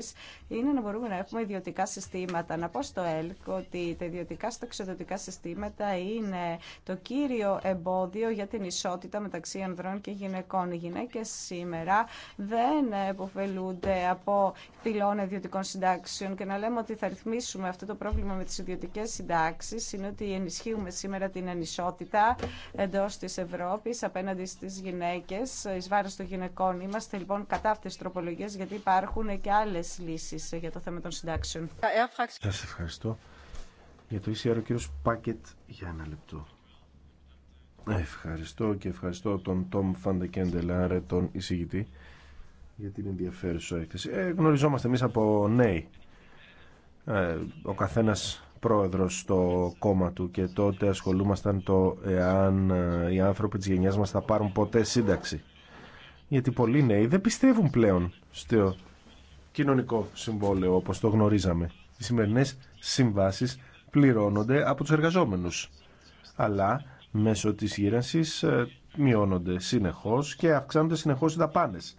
είναι να μπορούμε να έχουμε ιδιωτικά συστήματα. Να πω στο ΕΛΚ ότι τα ιδιωτικά στοξιδοτικά συστήματα είναι το κύριο εμπόδιο για την ισότητα μεταξύ ανδρών και γυναικών. Οι γυναίκες σήμερα δεν υποφελούνται από πυλών ιδιωτικών συντάξεων και να λέμε ότι θα ρυθμίσουμε αυτό το πρόβλημα πρόβλημα με τις ιδιωτικές συντάξεις είναι ότι ενισχύουμε σήμερα την ανισότητα εντός της Ευρώπης απέναντι στις γυναίκες, εις βάρος των γυναικών. Είμαστε λοιπόν κατά αυτές τις τροπολογίες γιατί υπάρχουν και άλλες λύσεις για το θέμα των συντάξεων. Σας ευχαριστώ. Για το ECR ο Πάκετ για ένα λεπτό. Ευχαριστώ και ευχαριστώ τον Τόμ Φαντεκέντελάρε, τον εισηγητή, για την ενδιαφέρουσα έκθεση. Ε, γνωριζόμαστε εμείς από νέοι ε, ο καθένας πρόεδρος στο κόμμα του και τότε ασχολούμασταν το εάν ε, οι άνθρωποι της γενιάς μας θα πάρουν ποτέ σύνταξη. Γιατί πολλοί νέοι δεν πιστεύουν πλέον στο κοινωνικό συμβόλαιο όπως το γνωρίζαμε. Οι σημερινές συμβάσεις πληρώνονται από τους εργαζόμενους. Αλλά μέσω της γύρανσης ε, μειώνονται συνεχώς και αυξάνονται συνεχώς οι δαπάνες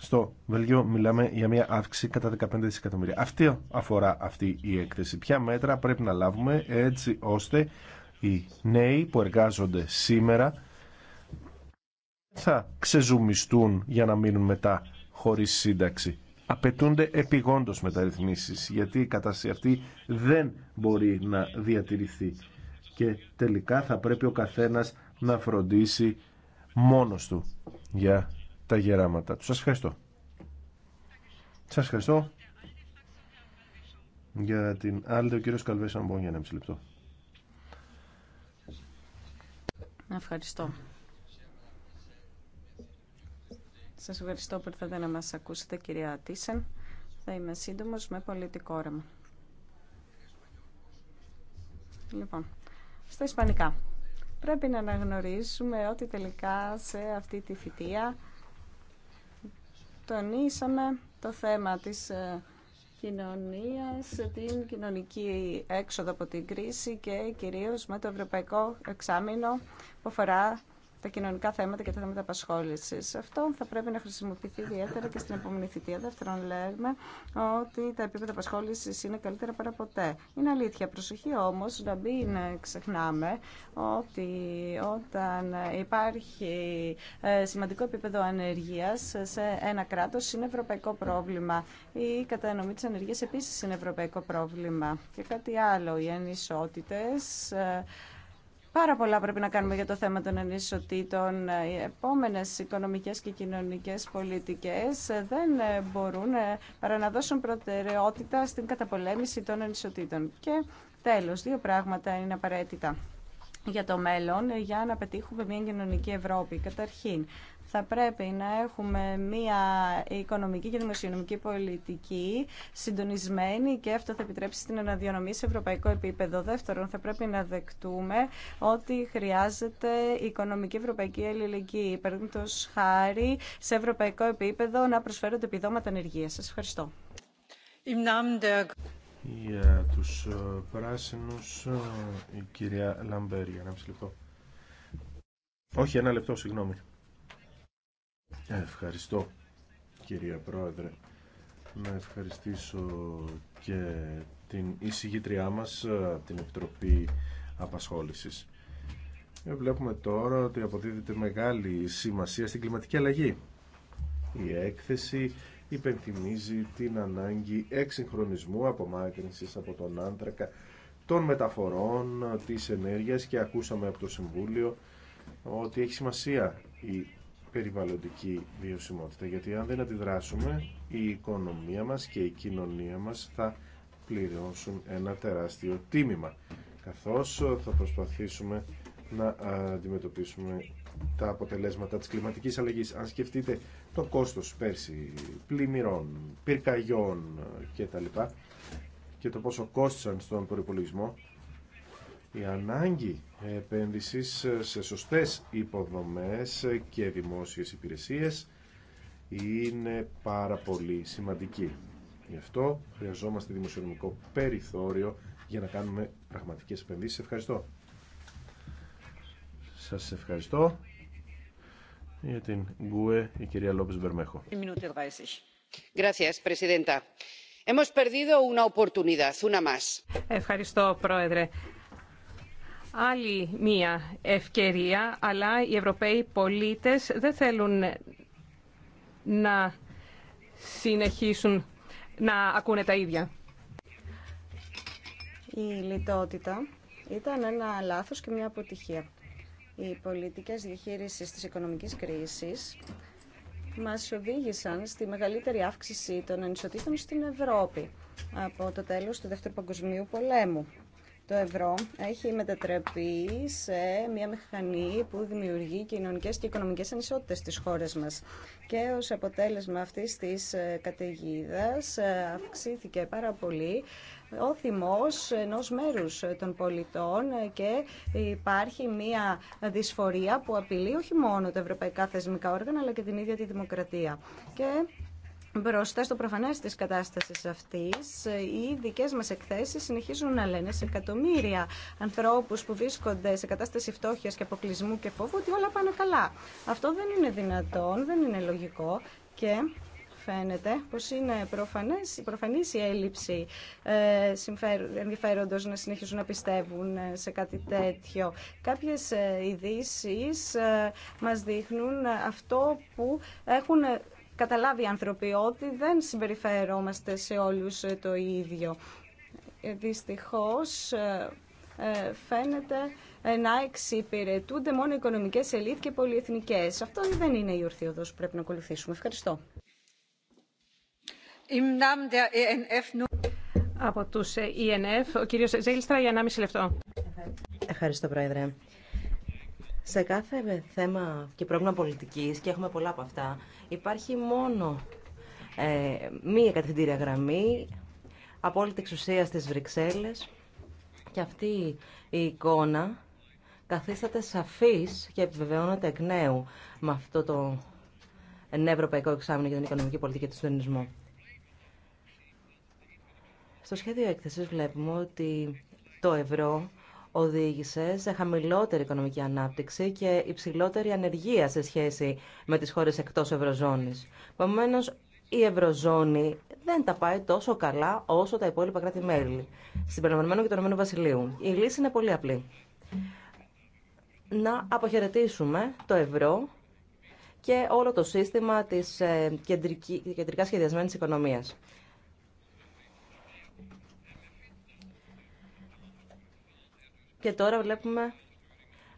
στο Βέλγιο μιλάμε για μια αύξηση κατά 15 δισεκατομμύρια. Αυτή αφορά αυτή η έκθεση. Ποια μέτρα πρέπει να λάβουμε έτσι ώστε οι νέοι που εργάζονται σήμερα θα ξεζουμιστούν για να μείνουν μετά χωρίς σύνταξη. Απαιτούνται επιγόντως μεταρρυθμίσεις γιατί η κατάσταση αυτή δεν μπορεί να διατηρηθεί και τελικά θα πρέπει ο καθένας να φροντίσει μόνος του για τα γεράματα του. Σας ευχαριστώ. Σας ευχαριστώ για την άλλη ο κύριος Καλβές Αμπών για ένα μισή λεπτό. Ευχαριστώ. Σας ευχαριστώ που ήρθατε να μας ακούσετε κυρία Τίσεν. Θα είμαι σύντομος με πολιτικό όρεμα. Λοιπόν, στα ισπανικά. Πρέπει να αναγνωρίσουμε ότι τελικά σε αυτή τη φοιτεία τονίσαμε το θέμα της ε, κοινωνίας, την κοινωνική έξοδο από την κρίση και κυρίως με το ευρωπαϊκό εξάμεινο που αφορά τα κοινωνικά θέματα και τα θέματα απασχόληση. Αυτό θα πρέπει να χρησιμοποιηθεί ιδιαίτερα και στην επόμενη θητεία. Δεύτερον, λέμε ότι τα επίπεδα απασχόληση είναι καλύτερα παρά ποτέ. Είναι αλήθεια. Προσοχή όμω να μην ξεχνάμε ότι όταν υπάρχει ε, σημαντικό επίπεδο ανεργία σε ένα κράτο είναι ευρωπαϊκό πρόβλημα. Η κατανομή τη ανεργία επίση είναι ευρωπαϊκό πρόβλημα. Και κάτι άλλο, οι ανισότητε ε, Πάρα πολλά πρέπει να κάνουμε για το θέμα των ανισοτήτων. Οι επόμενες οικονομικές και κοινωνικές πολιτικές δεν μπορούν ε, παρά να δώσουν προτεραιότητα στην καταπολέμηση των ανισοτήτων. Και τέλος, δύο πράγματα είναι απαραίτητα για το μέλλον για να πετύχουμε μια κοινωνική Ευρώπη. Καταρχήν, θα πρέπει να έχουμε μία οικονομική και δημοσιονομική πολιτική συντονισμένη και αυτό θα επιτρέψει την αναδιανομή σε ευρωπαϊκό επίπεδο. Δεύτερον, θα πρέπει να δεκτούμε ότι χρειάζεται οικονομική ευρωπαϊκή αλληλεγγύη. Παραδείγματο χάρη σε ευρωπαϊκό επίπεδο να προσφέρονται επιδόματα ανεργία. Σα ευχαριστώ. Για τους ε, πράσινους, ε, η κυρία Όχι, ένα λεπτό, συγγνώμη. Ευχαριστώ κυρία Πρόεδρε. Να ευχαριστήσω και την εισηγήτριά μας ε, την Επιτροπή Απασχόλησης. Ε, βλέπουμε τώρα ότι αποδίδεται μεγάλη σημασία στην κλιματική αλλαγή. Η έκθεση υπενθυμίζει την ανάγκη εξυγχρονισμού απομάκρυνσης από τον άνθρακα των μεταφορών, ε, της ενέργειας και ακούσαμε από το Συμβούλιο ότι έχει σημασία η περιβαλλοντική βιωσιμότητα. Γιατί αν δεν αντιδράσουμε, η οικονομία μας και η κοινωνία μας θα πληρώσουν ένα τεράστιο τίμημα. Καθώς θα προσπαθήσουμε να αντιμετωπίσουμε τα αποτελέσματα της κλιματικής αλλαγής. Αν σκεφτείτε το κόστος πέρσι πλημμυρών, πυρκαγιών κτλ. Και, και το πόσο κόστησαν στον προπολογισμό, η ανάγκη επένδυσης σε σωστές υποδομές και δημόσιες υπηρεσίες είναι πάρα πολύ σημαντική. Γι' αυτό χρειαζόμαστε δημοσιονομικό περιθώριο για να κάνουμε πραγματικές επενδύσεις. Ευχαριστώ. Σας ευχαριστώ για την ΓΚΟΕ η κυρία Λόπες Μπερμέχο. Ευχαριστώ, Πρόεδρε άλλη μία ευκαιρία, αλλά οι Ευρωπαίοι πολίτες δεν θέλουν να συνεχίσουν να ακούνε τα ίδια. Η λιτότητα ήταν ένα λάθος και μια αποτυχία. Οι πολιτικές διαχείρισης της οικονομικής κρίσης μας οδήγησαν στη μεγαλύτερη αύξηση των ανισοτήτων στην Ευρώπη από το τέλος του Δεύτερου Παγκοσμίου Πολέμου το ευρώ έχει μετατραπεί σε μια μηχανή που δημιουργεί κοινωνικές και οικονομικές ανισότητες στις χώρες μας. Και ως αποτέλεσμα αυτής της ε, καταιγίδα ε, αυξήθηκε πάρα πολύ ο θυμός ενός μέρους των πολιτών και υπάρχει μια δυσφορία που απειλεί όχι μόνο τα ευρωπαϊκά θεσμικά όργανα αλλά και την ίδια τη δημοκρατία. Και Μπροστά στο προφανέ τη κατάσταση αυτή. οι δικές μα εκθέσει συνεχίζουν να λένε σε εκατομμύρια ανθρώπου που βρίσκονται σε κατάσταση φτώχεια και αποκλεισμού και φόβου ότι όλα πάνε καλά. Αυτό δεν είναι δυνατόν, δεν είναι λογικό και φαίνεται πως είναι προφανές, προφανής η έλλειψη ε, ενδιαφέροντος να συνεχίζουν να πιστεύουν ε, σε κάτι τέτοιο. Κάποιες ε, ειδήσει ε, μας δείχνουν αυτό που έχουν καταλάβει οι άνθρωποι ότι δεν συμπεριφερόμαστε σε όλους ε, το ίδιο. Ε, δυστυχώς ε, φαίνεται να εξυπηρετούνται μόνο οικονομικέ οικονομικές ελίτ και πολυεθνικές. Αυτό δεν είναι η ορθή οδός που πρέπει να ακολουθήσουμε. Ευχαριστώ. E Από τους ΕΝΕΦ, e ο κύριος Ζέγλιστρα για 1,5 λεπτό. Ευχαριστώ, Πρόεδρε. Σε κάθε θέμα και πρόβλημα πολιτικής, και έχουμε πολλά από αυτά, υπάρχει μόνο ε, μία κατευθυντήρια γραμμή, απόλυτη εξουσία στις Βρυξέλλες και αυτή η εικόνα καθίσταται σαφής και επιβεβαιώνεται εκ νέου με αυτό το ευρωπαϊκό εξάμεινο για την οικονομική πολιτική και τον συντονισμό. Στο σχέδιο έκθεσης βλέπουμε ότι το ευρώ οδήγησε σε χαμηλότερη οικονομική ανάπτυξη και υψηλότερη ανεργία σε σχέση με τις χώρες εκτός Ευρωζώνης. Επομένω, η Ευρωζώνη δεν τα πάει τόσο καλά όσο τα υπόλοιπα κράτη-μέλη, συμπεριλαμβανομένου και του Ηνωμένου Βασιλείου. Η λύση είναι πολύ απλή. Να αποχαιρετήσουμε το ευρώ και όλο το σύστημα της ε, κεντρικά σχεδιασμένης οικονομίας. Και τώρα βλέπουμε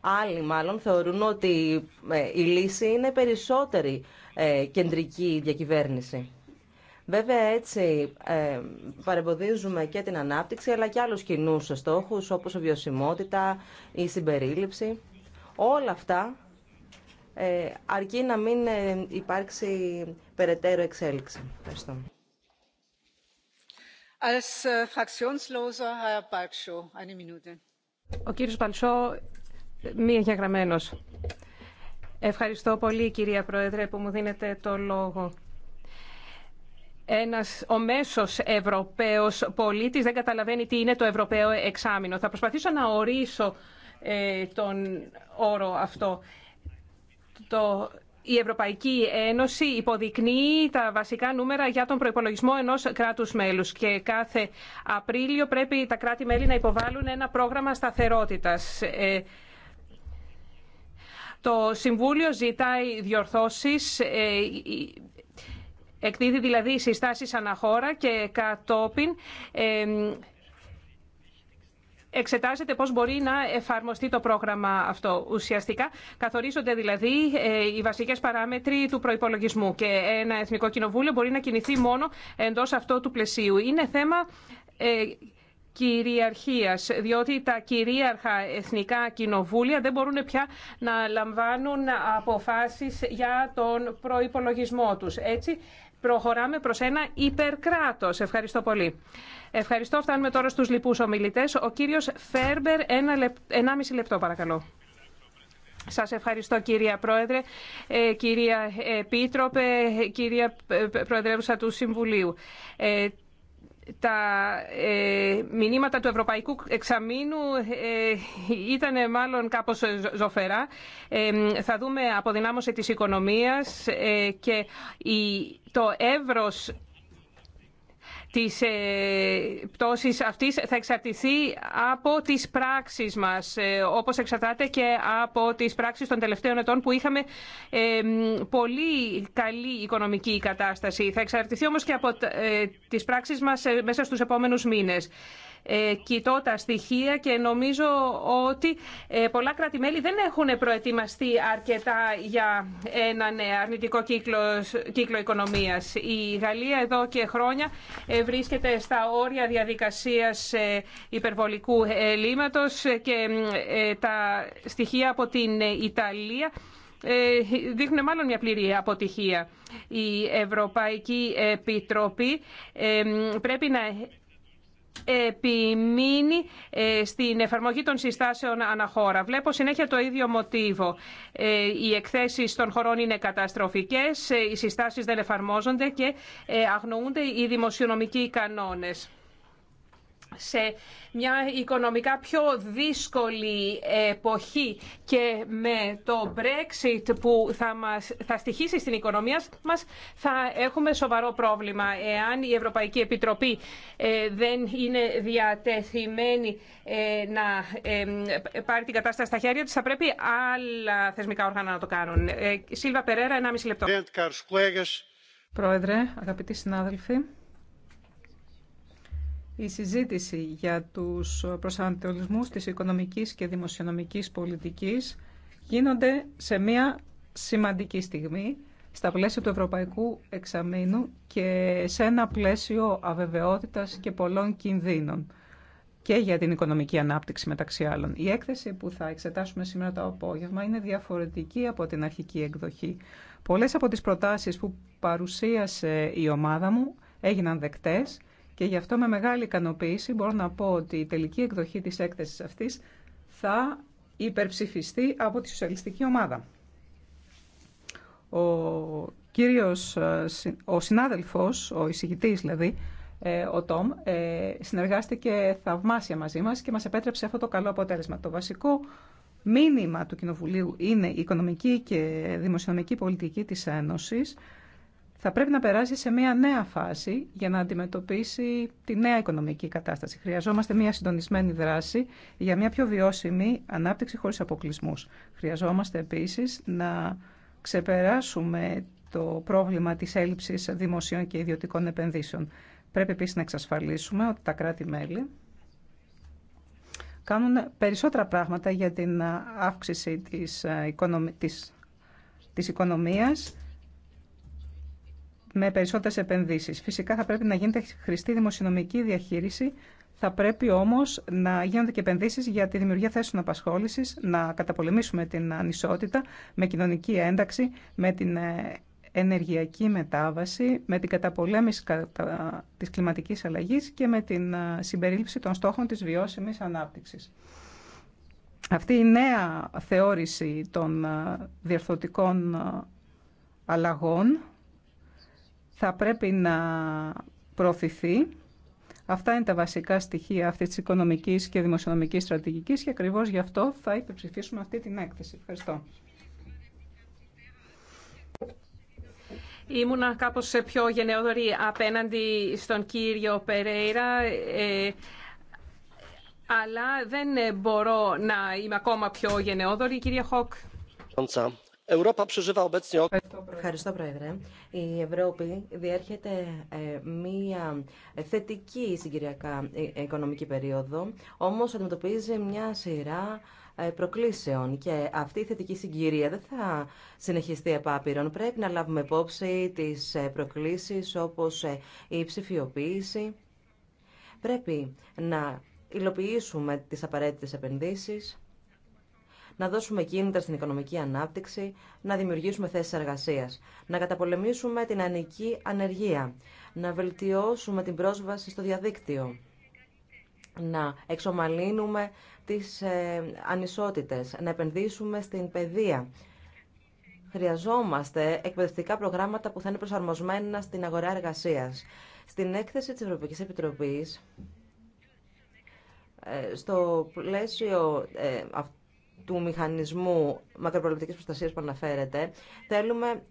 άλλοι μάλλον θεωρούν ότι ε, η λύση είναι περισσότερη ε, κεντρική διακυβέρνηση. Βέβαια έτσι ε, παρεμποδίζουμε και την ανάπτυξη αλλά και άλλους κοινούς στόχους όπως η βιωσιμότητα, η συμπερίληψη. Όλα αυτά αρκεί να μην υπάρξει περαιτέρω εξέλιξη. Ευχαριστώ. Als Fraktionsloser, Herr eine Minute. Ο κύριος Παλσό, μη εγγεγραμμένος. Ευχαριστώ πολύ, κυρία Πρόεδρε, που μου δίνετε το λόγο. Ένας, ο μέσος Ευρωπαίος πολίτης δεν καταλαβαίνει τι είναι το Ευρωπαίο εξάμεινο. Θα προσπαθήσω να ορίσω ε, τον όρο αυτό η Ευρωπαϊκή Ένωση υποδεικνύει τα βασικά νούμερα για τον προπολογισμό ενό κράτου μέλου. Και κάθε Απρίλιο πρέπει τα κράτη-μέλη να υποβάλουν ένα πρόγραμμα σταθερότητα. Ε, το Συμβούλιο ζητάει διορθώσεις, ε, εκδίδει δηλαδή συστάσεις αναχώρα και κατόπιν ε, εξετάζεται πώς μπορεί να εφαρμοστεί το πρόγραμμα αυτό. Ουσιαστικά καθορίζονται δηλαδή ε, οι βασικές παράμετροι του προϋπολογισμού και ένα Εθνικό Κοινοβούλιο μπορεί να κινηθεί μόνο εντός αυτού του πλαισίου. Είναι θέμα ε, κυριαρχίας, διότι τα κυρίαρχα εθνικά κοινοβούλια δεν μπορούν πια να λαμβάνουν αποφάσεις για τον προϋπολογισμό τους. Έτσι, προχωράμε προς ένα υπερκράτος. Ευχαριστώ πολύ. Ευχαριστώ. Φτάνουμε τώρα στους λοιπούς ομιλητές. Ο κύριος Φέρμπερ, ένα λεπ... 1,5 λεπτό παρακαλώ. Σας ευχαριστώ κυρία Πρόεδρε, ε, κυρία Επίτροπε, ε, κυρία ε, Προεδρεύουσα του Συμβουλίου τα ε, μηνύματα του Ευρωπαϊκού Εξαμήνου ε, ήταν μάλλον κάπως ζωφερά. Ε, θα δούμε αποδυνάμωση της οικονομίας και το εύρος της ε, πτώσης αυτής θα εξαρτηθεί από τις πράξεις μας, ε, όπως εξαρτάται και από τις πράξεις των τελευταίων ετών που είχαμε ε, πολύ καλή οικονομική κατάσταση. Θα εξαρτηθεί όμως και από τις πράξεις μας μέσα στους επόμενους μήνες. Ε, κοιτώ τα στοιχεία και νομίζω ότι ε, πολλά κράτη-μέλη δεν έχουν προετοιμαστεί αρκετά για έναν ε, αρνητικό κύκλο, κύκλο οικονομίας. Η Γαλλία εδώ και χρόνια βρίσκεται στα όρια διαδικασίας υπερβολικού ελλείμματος και τα στοιχεία από την Ιταλία δείχνουν μάλλον μια πλήρη αποτυχία. Η Ευρωπαϊκή Επιτροπή πρέπει να επιμείνει ε, στην εφαρμογή των συστάσεων αναχώρα. Βλέπω συνέχεια το ίδιο μοτίβο. Ε, οι εκθέσεις των χωρών είναι καταστροφικές, ε, οι συστάσεις δεν εφαρμόζονται και αγνοούνται οι δημοσιονομικοί κανόνες σε μια οικονομικά πιο δύσκολη εποχή και με το Brexit που θα, μας, θα στοιχήσει στην οικονομία μας θα έχουμε σοβαρό πρόβλημα. Εάν η Ευρωπαϊκή Επιτροπή ε, δεν είναι διατεθειμένη ε, να ε, πάρει την κατάσταση στα χέρια της θα πρέπει άλλα θεσμικά όργανα να το κάνουν. Σίλβα Περέρα, 1,5 λεπτό. Πρόεδρε, αγαπητοί συνάδελφοι, η συζήτηση για τους προσανατολισμούς της οικονομικής και δημοσιονομικής πολιτικής γίνονται σε μια σημαντική στιγμή στα πλαίσια του Ευρωπαϊκού Εξαμήνου και σε ένα πλαίσιο αβεβαιότητας και πολλών κινδύνων και για την οικονομική ανάπτυξη μεταξύ άλλων. Η έκθεση που θα εξετάσουμε σήμερα το απόγευμα είναι διαφορετική από την αρχική εκδοχή. Πολλές από τις προτάσεις που παρουσίασε η ομάδα μου έγιναν δεκτές και γι' αυτό με μεγάλη ικανοποίηση μπορώ να πω ότι η τελική εκδοχή της έκθεσης αυτής θα υπερψηφιστεί από τη σοσιαλιστική ομάδα. Ο κύριος, ε, ο συνάδελφος, ο εισηγητής δηλαδή, ε, ο Τόμ, ε, συνεργάστηκε θαυμάσια μαζί μας και μας επέτρεψε αυτό το καλό αποτέλεσμα. Το βασικό μήνυμα του Κοινοβουλίου είναι η οικονομική και δημοσιονομική πολιτική της Ένωσης, θα πρέπει να περάσει σε μια νέα φάση για να αντιμετωπίσει τη νέα οικονομική κατάσταση. Χρειαζόμαστε μια συντονισμένη δράση για μια πιο βιώσιμη ανάπτυξη χωρίς αποκλεισμού. Χρειαζόμαστε επίσης να ξεπεράσουμε το πρόβλημα της έλλειψης δημοσίων και ιδιωτικών επενδύσεων. Πρέπει επίσης να εξασφαλίσουμε ότι τα κράτη-μέλη κάνουν περισσότερα πράγματα για την αύξηση της, ε, οικονομίας με περισσότερες επενδύσεις. Φυσικά θα πρέπει να γίνεται χρηστή δημοσιονομική διαχείριση, θα πρέπει όμως να γίνονται και επενδύσεις για τη δημιουργία θέσεων απασχόλησης, να καταπολεμήσουμε την ανισότητα με κοινωνική ένταξη, με την ε, ενεργειακή μετάβαση, με την καταπολέμηση της κλιματικής αλλαγής και με την ε, συμπερίληψη των στόχων της βιώσιμης ανάπτυξης. Αυτή η νέα θεώρηση των ε, διορθωτικών αλλαγών θα πρέπει να προωθηθεί. Αυτά είναι τα βασικά στοιχεία αυτής της οικονομικής και δημοσιονομικής στρατηγικής και ακριβώς γι' αυτό θα υπερψηφίσουμε αυτή την έκθεση. Ευχαριστώ. Ήμουνα κάπως πιο γενναιόδορη απέναντι στον κύριο Περέιρα, ε, αλλά δεν μπορώ να είμαι ακόμα πιο γενναιόδορη. κύριε Χοκ. Ευχαριστώ, Πρόεδρε. Η Ευρώπη διέρχεται ε, μία ε, θετική συγκυριακά ε, οικονομική περίοδο, όμως αντιμετωπίζει μια θετικη συγκυριακα οικονομικη περιοδο όμω προκλήσεων και αυτή η θετική συγκυρία δεν θα συνεχιστεί επάπειρον. Πρέπει να λάβουμε υπόψη τις προκλήσεις όπως η ψηφιοποίηση. Πρέπει να υλοποιήσουμε τις απαραίτητες επενδύσεις να δώσουμε κίνητρα στην οικονομική ανάπτυξη, να δημιουργήσουμε θέσεις εργασίας, να καταπολεμήσουμε την ανική ανεργία, να βελτιώσουμε την πρόσβαση στο διαδίκτυο, να εξομαλύνουμε τις ε, ανισότητες, να επενδύσουμε στην παιδεία. Χρειαζόμαστε εκπαιδευτικά προγράμματα που θα είναι προσαρμοσμένα στην αγορά εργασίας. Στην έκθεση της Ευρωπαϊκής Επιτροπής, ε, στο πλαίσιο ε, του μηχανισμού μακροπροληπτικής προστασίας που αναφέρεται, θέλουμε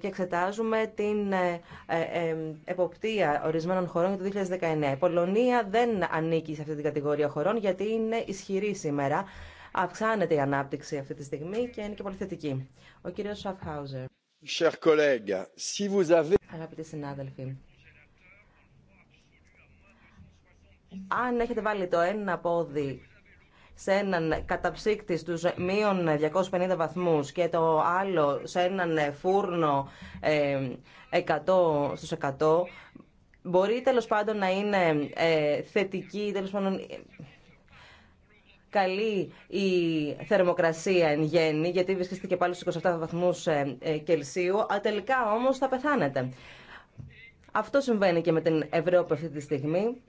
και εξετάζουμε την ε, ε, ε, εποπτεία ορισμένων χωρών για το 2019. Η Πολωνία δεν ανήκει σε αυτή την κατηγορία χωρών γιατί είναι ισχυρή σήμερα. Αυξάνεται η ανάπτυξη αυτή τη στιγμή και είναι και πολύ θετική. Ο κύριος Σαφχάουζερ. Αγαπητοί συνάδελφοι, αν έχετε βάλει το ένα πόδι σε έναν καταψύκτη στους μείον 250 βαθμούς και το άλλο σε έναν φούρνο 100 ε, στους 100, μπορεί τέλο πάντων να είναι ε, θετική, τέλο πάντων καλή η θερμοκρασία εν γέννη, γιατί βρίσκεστε και πάλι στους 27 βαθμούς ε, Κελσίου, α, τελικά όμως θα πεθάνετε. Αυτό συμβαίνει και με την Ευρώπη αυτή τη στιγμή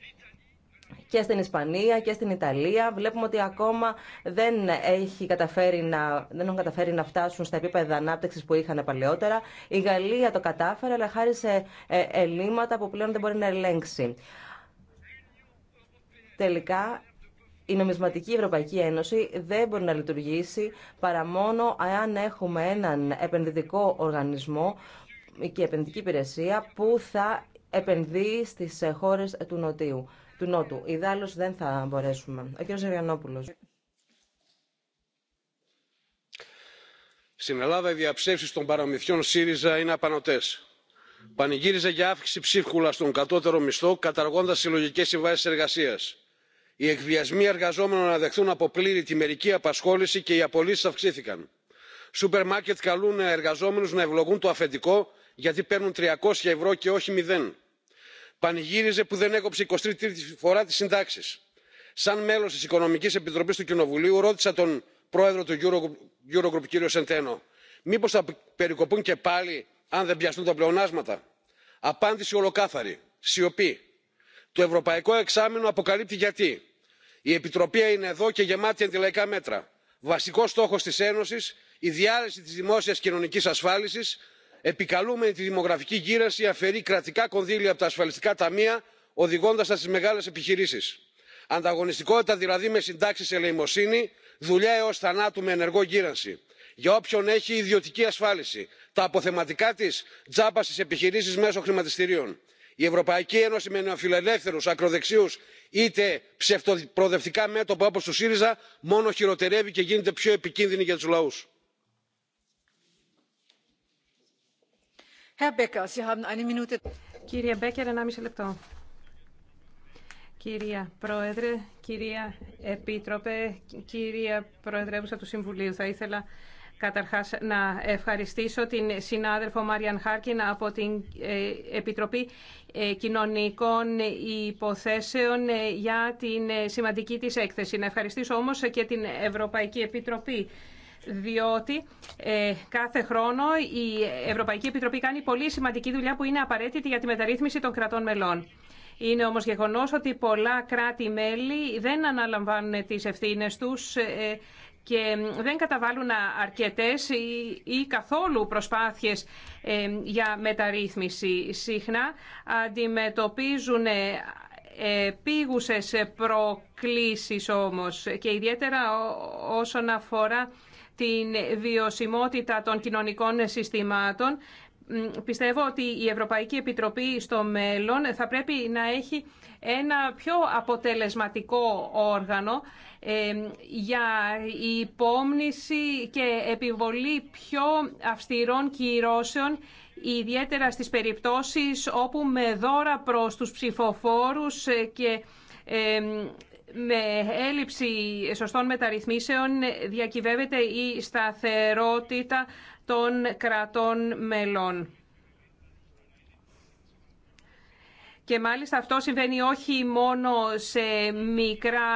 και στην Ισπανία και στην Ιταλία. Βλέπουμε ότι ακόμα δεν, έχει καταφέρει να, δεν έχουν καταφέρει να φτάσουν στα επίπεδα ανάπτυξη που είχαν παλαιότερα. Η Γαλλία το κατάφερε, αλλά χάρη σε ε, ελλείμματα που πλέον δεν μπορεί να ελέγξει. Τελικά, η νομισματική Ευρωπαϊκή Ένωση δεν μπορεί να λειτουργήσει παρά μόνο αν έχουμε έναν επενδυτικό οργανισμό και επενδυτική υπηρεσία που θα επενδύει στις χώρες του Νοτίου του Νότου. Ιδάλω δεν θα μπορέσουμε. Ο κ. Ζεριανόπουλο. Στην Ελλάδα οι διαψεύσει των παραμυθιών ΣΥΡΙΖΑ είναι απανοτέ. Πανηγύριζε για αύξηση ψίχουλα στον κατώτερο μισθό, καταργώντας συλλογικέ συμβάσει εργασία. Οι εκβιασμοί εργαζόμενων να δεχθούν από πλήρη τη μερική απασχόληση και οι απολύσει αυξήθηκαν. Σούπερ μάρκετ καλούν εργαζόμενου να ευλογούν το αφεντικό γιατί παίρνουν 300 ευρώ και όχι μηδέν πανηγύριζε που δεν έκοψε 23η φορά τι συντάξει. σαν μέλο τη οικονομική επιτροπή του κοινοβουλίου ρώτησα τον πρόεδρο του eurogroup κύριο σεντένο μήπω θα περικοπούν και πάλι αν δεν πιαστούν τα πλεονάσματα. απάντηση ολοκάθαρη σιωπή. το ευρωπαϊκό εξάμεινο αποκαλύπτει γιατί. η επιτροπή είναι εδώ και γεμάτη αντιλαϊκά μέτρα. Βασικό στόχο τη Ένωση, η διάλυση τη δημόσια κοινωνική ασφάλιση, επικαλούμενη τη δημογραφική γύρανση αφαιρεί κρατικά κονδύλια από τα ασφαλιστικά ταμεία οδηγώντας τα στις μεγάλες επιχειρήσεις. ανταγωνιστικότητα δηλαδή με συντάξεις ελεημοσύνη δουλειά έως θανάτου με ενεργό γύρανση. για όποιον έχει ιδιωτική ασφάλιση τα αποθεματικά της τζάμπα στις επιχειρήσεις μέσω χρηματιστηρίων. η ευρωπαϊκή ένωση με νεοφιλελεύθερους ακροδεξιούς είτε ψευτοπροοδευτικά μέτωπα όπω του σύριζα μόνο χειροτερεύει και γίνεται πιο επικίνδυνη για του λαού. Κύριε Μπέκερ, 1,5 λεπτό. Κυρία Πρόεδρε, κυρία Επίτροπε, κυρία Προεδρεύουσα του Συμβουλίου, θα ήθελα καταρχάς να ευχαριστήσω την συνάδελφο Μάριαν Χάρκιν από την ε, Επιτροπή ε, Κοινωνικών Υποθέσεων ε, για την σημαντική της έκθεση. Να ευχαριστήσω όμως και την Ευρωπαϊκή Επιτροπή διότι ε, κάθε χρόνο η Ευρωπαϊκή Επιτροπή κάνει πολύ σημαντική δουλειά που είναι απαραίτητη για τη μεταρρύθμιση των κρατών μελών. Είναι όμως γεγονός ότι πολλά κράτη-μέλη δεν αναλαμβάνουν τις ευθύνες τους ε, και δεν καταβάλουν αρκετές ή, καθόλου προσπάθειες ε, για μεταρρύθμιση. Συχνά αντιμετωπίζουν πήγουσες προκλήσεις όμως και ιδιαίτερα όσον αφορά την βιωσιμότητα των κοινωνικών συστημάτων. Πιστεύω ότι η Ευρωπαϊκή Επιτροπή στο μέλλον θα πρέπει να έχει ένα πιο αποτελεσματικό όργανο ε, για υπόμνηση και επιβολή πιο αυστηρών κυρώσεων ιδιαίτερα στις περιπτώσεις όπου με δώρα προς τους ψηφοφόρους ε, και ε, με έλλειψη σωστών μεταρρυθμίσεων διακυβεύεται η σταθερότητα των κρατών μελών. Και μάλιστα αυτό συμβαίνει όχι μόνο σε μικρά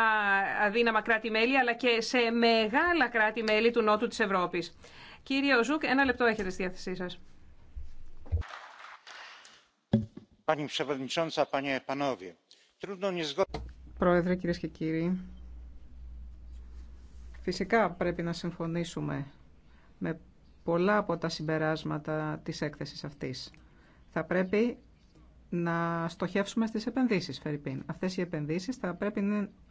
αδύναμα κράτη-μέλη, αλλά και σε μεγάλα κράτη-μέλη του Νότου της Ευρώπης. Κύριε Ζουκ, ένα λεπτό έχετε στη διάθεσή σας. Πρόεδρε, κυρίες και κύριοι, φυσικά πρέπει να συμφωνήσουμε με πολλά από τα συμπεράσματα της έκθεσης αυτής. Θα πρέπει να στοχεύσουμε στις επενδύσεις, Φερρυπίν. Αυτές οι επενδύσεις θα πρέπει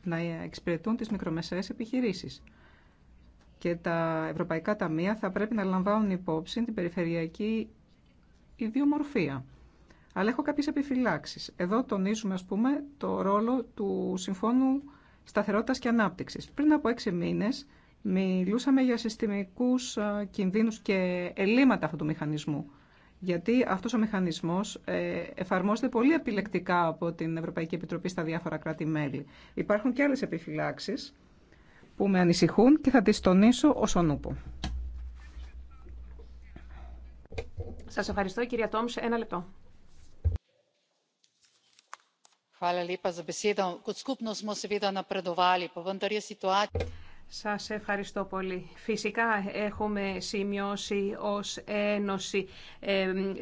να εξυπηρετούν τις μικρομεσαίες επιχειρήσεις. Και τα ευρωπαϊκά ταμεία θα πρέπει να λαμβάνουν υπόψη την περιφερειακή ιδιομορφία. Αλλά έχω κάποιες επιφυλάξεις. Εδώ τονίζουμε, ας πούμε, το ρόλο του Συμφώνου Σταθερότητας και Ανάπτυξης. Πριν από έξι μήνες μιλούσαμε για συστημικούς ε, κινδύνους και ελλείμματα αυτού του μηχανισμού. Γιατί αυτός ο μηχανισμός ε, εφαρμόζεται πολύ επιλεκτικά από την Ευρωπαϊκή Επιτροπή στα διάφορα κράτη-μέλη. Υπάρχουν και άλλες επιφυλάξεις που με ανησυχούν και θα τις τονίσω όσον ούπο. Σας ευχαριστώ κυρία Τόμς. Ένα λεπτό. Σας ευχαριστώ πολύ. Φυσικά έχουμε σημειώσει ως Ένωση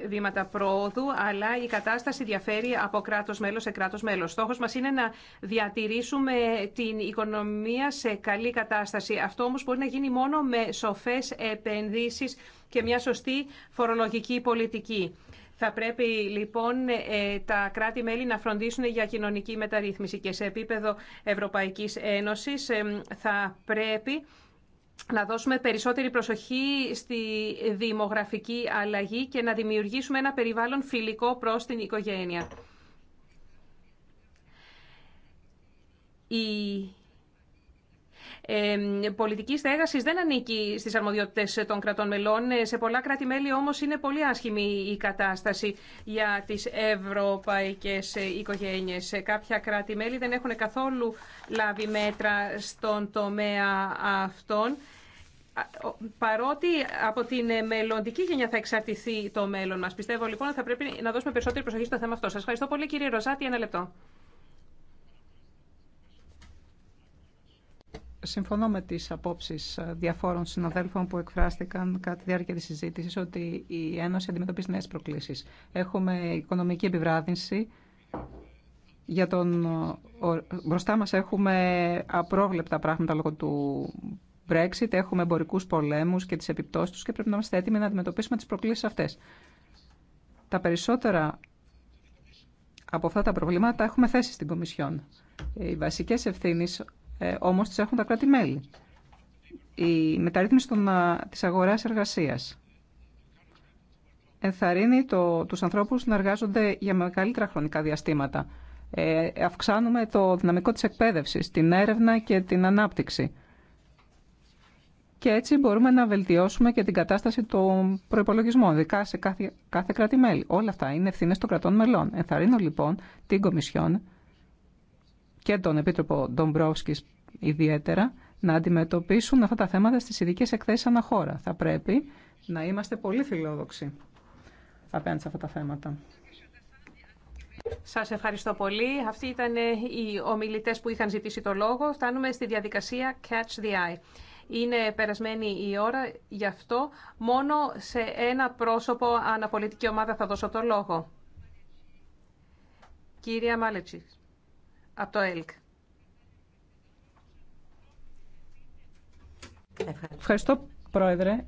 βήματα πρόοδου, αλλά η κατάσταση διαφέρει από κράτος μέλος σε κράτος μέλος. Στόχος μας είναι να διατηρήσουμε την οικονομία σε καλή κατάσταση. Αυτό όμως μπορεί να γίνει μόνο με σοφές επενδύσεις και μια σωστή φορολογική πολιτική. Θα πρέπει λοιπόν ε, τα κράτη-μέλη να φροντίσουν για κοινωνική μεταρρύθμιση και σε επίπεδο Ευρωπαϊκής Ένωσης θα πρέπει να δώσουμε περισσότερη προσοχή στη δημογραφική αλλαγή και να δημιουργήσουμε ένα περιβάλλον φιλικό προς την οικογένεια πολιτική στέγαση δεν ανήκει στι αρμοδιότητε των κρατών μελών. Ε, σε πολλά κράτη-μέλη όμω είναι πολύ άσχημη η κατάσταση για τι ευρωπαϊκέ ε, οικογένειε. Ε, κάποια κράτη-μέλη δεν έχουν καθόλου λάβει μέτρα στον τομέα αυτών παρότι από την μελλοντική γενιά θα εξαρτηθεί το μέλλον μας. Πιστεύω λοιπόν ότι θα πρέπει να δώσουμε περισσότερη προσοχή στο θέμα αυτό. Σας ευχαριστώ πολύ κύριε Ροζάτη. Ένα λεπτό. συμφωνώ με τις απόψεις ε, διαφόρων συναδέλφων που εκφράστηκαν κατά τη διάρκεια της συζήτησης ότι η Ένωση αντιμετωπίζει νέες προκλήσεις. Έχουμε οικονομική επιβράδυνση. Για τον... Ε, μπροστά μας έχουμε απρόβλεπτα πράγματα λόγω του Brexit, έχουμε εμπορικού πολέμους και τις επιπτώσεις τους και πρέπει να είμαστε έτοιμοι να αντιμετωπίσουμε τις προκλήσεις αυτές. Τα περισσότερα από αυτά τα προβλήματα έχουμε θέσει στην Κομισιόν. Οι βασικές ευθύνε ε, όμως τις έχουν τα κράτη-μέλη. Η μεταρρύθμιση των, ε, της αγοράς εργασίας ενθαρρύνει το, τους ανθρώπους να εργάζονται για μεγαλύτερα χρονικά διαστήματα. Ε, αυξάνουμε το δυναμικό της εκπαίδευσης, την έρευνα και την ανάπτυξη. Και έτσι μπορούμε να βελτιώσουμε και την κατάσταση των προπολογισμών, δικά σε κάθε, κάθε κράτη-μέλη. Όλα αυτά είναι ευθύνε των κρατών μελών. Ενθαρρύνω λοιπόν την Κομισιόν και τον Επίτροπο Ντομπρόφσκης ιδιαίτερα να αντιμετωπίσουν αυτά τα θέματα στις ειδικέ εκθέσεις αναχώρα. Θα πρέπει να είμαστε πολύ φιλόδοξοι απέναντι σε αυτά τα θέματα. Σας ευχαριστώ πολύ. Αυτοί ήταν ε, οι ομιλητές που είχαν ζητήσει το λόγο. Φτάνουμε στη διαδικασία Catch the Eye. Είναι περασμένη η ώρα, γι' αυτό μόνο σε ένα πρόσωπο αναπολιτική ομάδα θα δώσω το λόγο. Κυρία Μάλετσις από Ευχαριστώ, Πρόεδρε.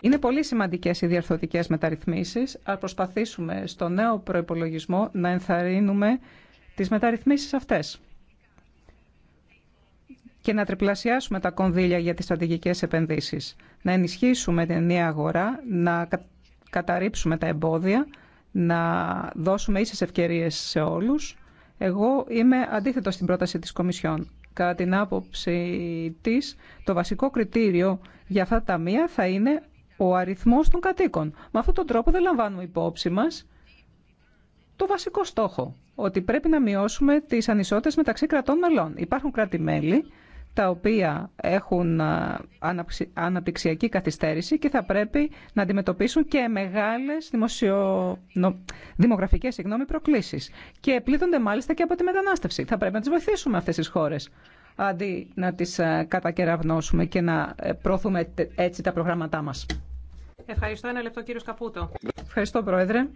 Είναι πολύ σημαντικές οι διαρθωτικές μεταρρυθμίσεις. Α προσπαθήσουμε στο νέο προπολογισμό να ενθαρρύνουμε τις μεταρρυθμίσει αυτές και να τριπλασιάσουμε τα κονδύλια για τις στρατηγικές επενδύσεις, να ενισχύσουμε την νέα αγορά, να καταρρύψουμε τα εμπόδια, να δώσουμε ίσες ευκαιρίες σε όλους. Εγώ είμαι αντίθετο στην πρόταση της Κομισιόν. Κατά την άποψη της, το βασικό κριτήριο για αυτά τα μία θα είναι ο αριθμός των κατοίκων. Με αυτόν τον τρόπο δεν λαμβάνουμε υπόψη μας το βασικό στόχο, ότι πρέπει να μειώσουμε τις ανισότητες μεταξύ κρατών μελών. Υπάρχουν κράτη-μέλη τα οποία έχουν ε, αναπτυξιακή καθυστέρηση και θα πρέπει να αντιμετωπίσουν και μεγάλες δημοσιο... δημογραφικές προκλήσεις. Και πλήττονται μάλιστα και από τη μετανάστευση. Θα πρέπει να τις βοηθήσουμε αυτές τις χώρες αντί να τις ε, κατακεραυνώσουμε και να ε, προωθούμε έτσι τα προγράμματά μας. Ευχαριστώ. Ένα λεπτό, κύριο Καπούτο. Ευχαριστώ, Πρόεδρε.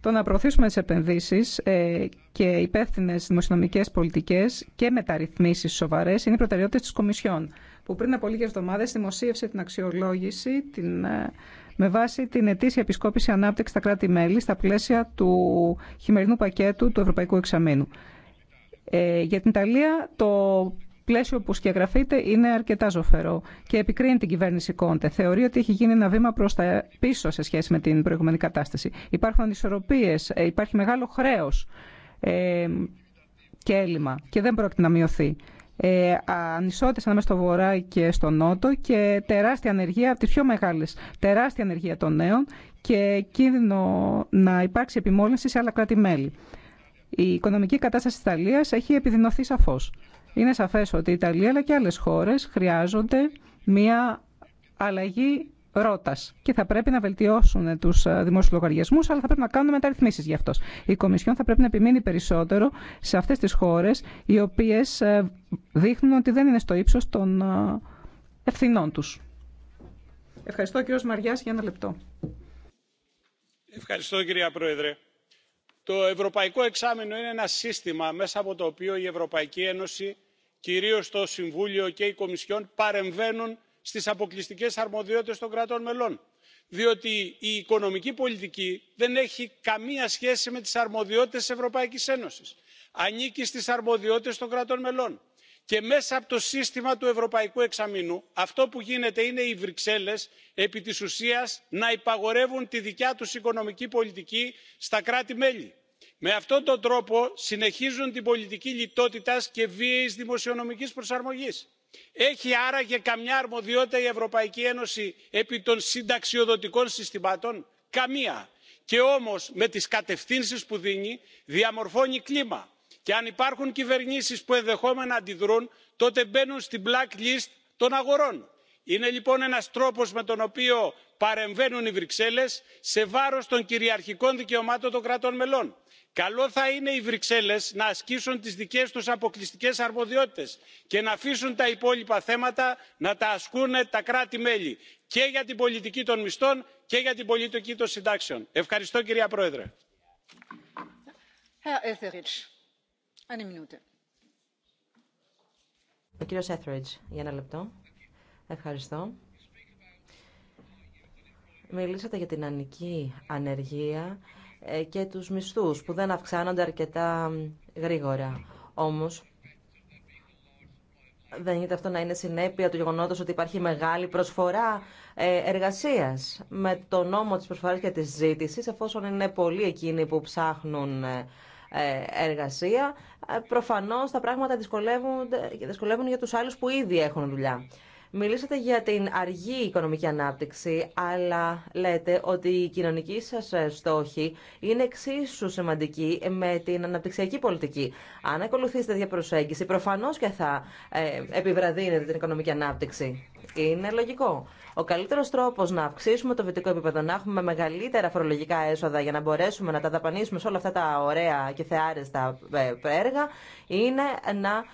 Το να προωθήσουμε τι επενδύσει ε, και υπεύθυνε δημοσιονομικέ πολιτικέ και μεταρρυθμίσει σοβαρέ είναι οι προτεραιότητε τη Κομισιόν, που πριν από λίγε εβδομάδε δημοσίευσε την αξιολόγηση την, ε, με βάση την ετήσια επισκόπηση ανάπτυξη στα κράτη-μέλη στα πλαίσια του χειμερινού πακέτου του Ευρωπαϊκού Εξαμήνου. Ε, για την Ιταλία το πλαίσιο που σκιαγραφείται είναι αρκετά ζωφερό και επικρίνει την κυβέρνηση Κόντε. Θεωρεί ότι έχει γίνει ένα βήμα προ τα πίσω σε σχέση με την προηγούμενη κατάσταση. Υπάρχουν ανισορροπίε, ε, υπάρχει μεγάλο χρέο ε, και έλλειμμα και δεν πρόκειται να μειωθεί. Ε, ανισότητες ανάμεσα στο βορρά και στο νότο και τεράστια ανεργία από τις πιο μεγάλες, τεράστια ανεργία των νέων και κίνδυνο να υπάρξει επιμόλυνση σε άλλα κράτη-μέλη. Η οικονομική κατάσταση της Ιταλίας έχει επιδεινωθεί σαφώς. Είναι σαφές ότι η Ιταλία αλλά και άλλες χώρες χρειάζονται μια αλλαγή ρότας και θα πρέπει να βελτιώσουν τους ε, δημόσιους λογαριασμούς αλλά θα πρέπει να κάνουν μεταρρυθμίσεις γι' αυτός. Η Κομισιόν θα πρέπει να επιμείνει περισσότερο σε αυτές τις χώρες οι οποίες ε, δείχνουν ότι δεν είναι στο ύψος των ε, ευθυνών τους. Ευχαριστώ κύριος Μαριάς για ένα λεπτό. Ευχαριστώ κυρία Πρόεδρε το ευρωπαϊκό εξάμεινο είναι ένα σύστημα μέσα από το οποίο η ευρωπαϊκή ένωση κυρίως το συμβούλιο και η κομισιόν παρεμβαίνουν στις αποκλειστικές αρμοδιότητες των κρατών μελών διότι η οικονομική πολιτική δεν έχει καμία σχέση με τις αρμοδιότητες της ευρωπαϊκής ένωσης. ανήκει στις αρμοδιότητες των κρατών μελών και μέσα από το σύστημα του ευρωπαϊκού εξαμήνου αυτό που γίνεται είναι οι βρυξέλλες επί της ουσίας να υπαγορεύουν τη δικιά τους οικονομική πολιτική στα κράτη μέλη. με αυτόν τον τρόπο συνεχίζουν την πολιτική λιτότητας και βίαιης δημοσιονομικής προσαρμογής. έχει άραγε καμιά αρμοδιότητα η ευρωπαϊκή ένωση επί των συνταξιοδοτικών συστημάτων? καμία. και όμως με τις κατευθύνσεις που δίνει διαμορφώνει κλίμα και αν υπάρχουν κυβερνήσεις που ενδεχόμενα αντιδρούν τότε μπαίνουν στην black list των αγορών. είναι λοιπόν ένας τρόπος με τον οποίο παρεμβαίνουν οι βρυξέλλες σε βάρος των κυριαρχικών δικαιωμάτων των κρατών μελών. καλό θα είναι οι βρυξέλλες να ασκήσουν τις δικές τους αποκλειστικές αρμοδιότητες και να αφήσουν τα υπόλοιπα θέματα να τα ασκούν τα κράτη μέλη και για την πολιτική των μισθών και για την πολιτική των συντάξεων. ευχαριστώ κυρία πρόεδρε. Ο κύριος για ένα λεπτό. Ευχαριστώ. Μιλήσατε για την ανική ανεργία ε, και τους μισθούς που δεν αυξάνονται αρκετά γρήγορα. Όμως, δεν είναι αυτό να είναι συνέπεια του γεγονότος ότι υπάρχει μεγάλη προσφορά ε, εργασίας με το νόμο της προσφοράς και της ζήτησης, εφόσον είναι πολλοί εκείνοι που ψάχνουν ε, ε, εργασία, ε, προφανώς τα πράγματα δυσκολεύουν για τους άλλους που ήδη έχουν δουλειά. Μιλήσατε για την αργή οικονομική ανάπτυξη, αλλά λέτε ότι οι κοινωνικοί σας ε, στόχοι είναι εξίσου σημαντικοί με την αναπτυξιακή πολιτική. Αν ακολουθήσετε τέτοια προσέγγιση, προφανώς και θα ε, επιβραδύνετε την οικονομική ανάπτυξη. Είναι λογικό. Ο καλύτερος τρόπος να αυξήσουμε το βιτικό επίπεδο, να έχουμε μεγαλύτερα φορολογικά έσοδα για να μπορέσουμε να τα δαπανίσουμε σε όλα αυτά τα ωραία και θεάρεστα ε, έργα, είναι να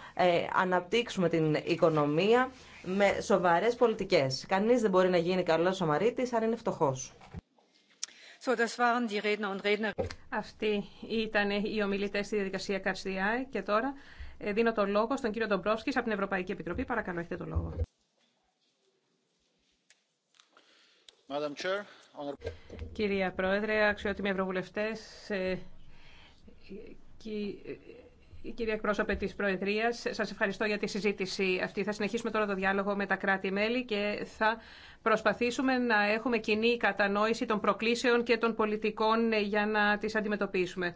αναπτύξουμε την οικονομία με σοβαρές πολιτικές. Κανείς δεν μπορεί να γίνει καλός σομαρίτης αν είναι φτωχός. Αυτοί ήταν οι ομιλητέ στη διαδικασία Καρσιά και τώρα ε, δίνω το λόγο στον κύριο Ντομπρόσκη από την Ευρωπαϊκή Επιτροπή. Παρακαλώ, έχετε το λόγο. Κυρία Πρόεδρε, αξιότιμοι Ευρωβουλευτέ, ε, Κύριε εκπρόσωπε τη Προεδρίας, σας ευχαριστώ για τη συζήτηση αυτή. Θα συνεχίσουμε τώρα το διάλογο με τα κράτη-μέλη και θα προσπαθήσουμε να έχουμε κοινή κατανόηση των προκλήσεων και των πολιτικών για να τις αντιμετωπίσουμε.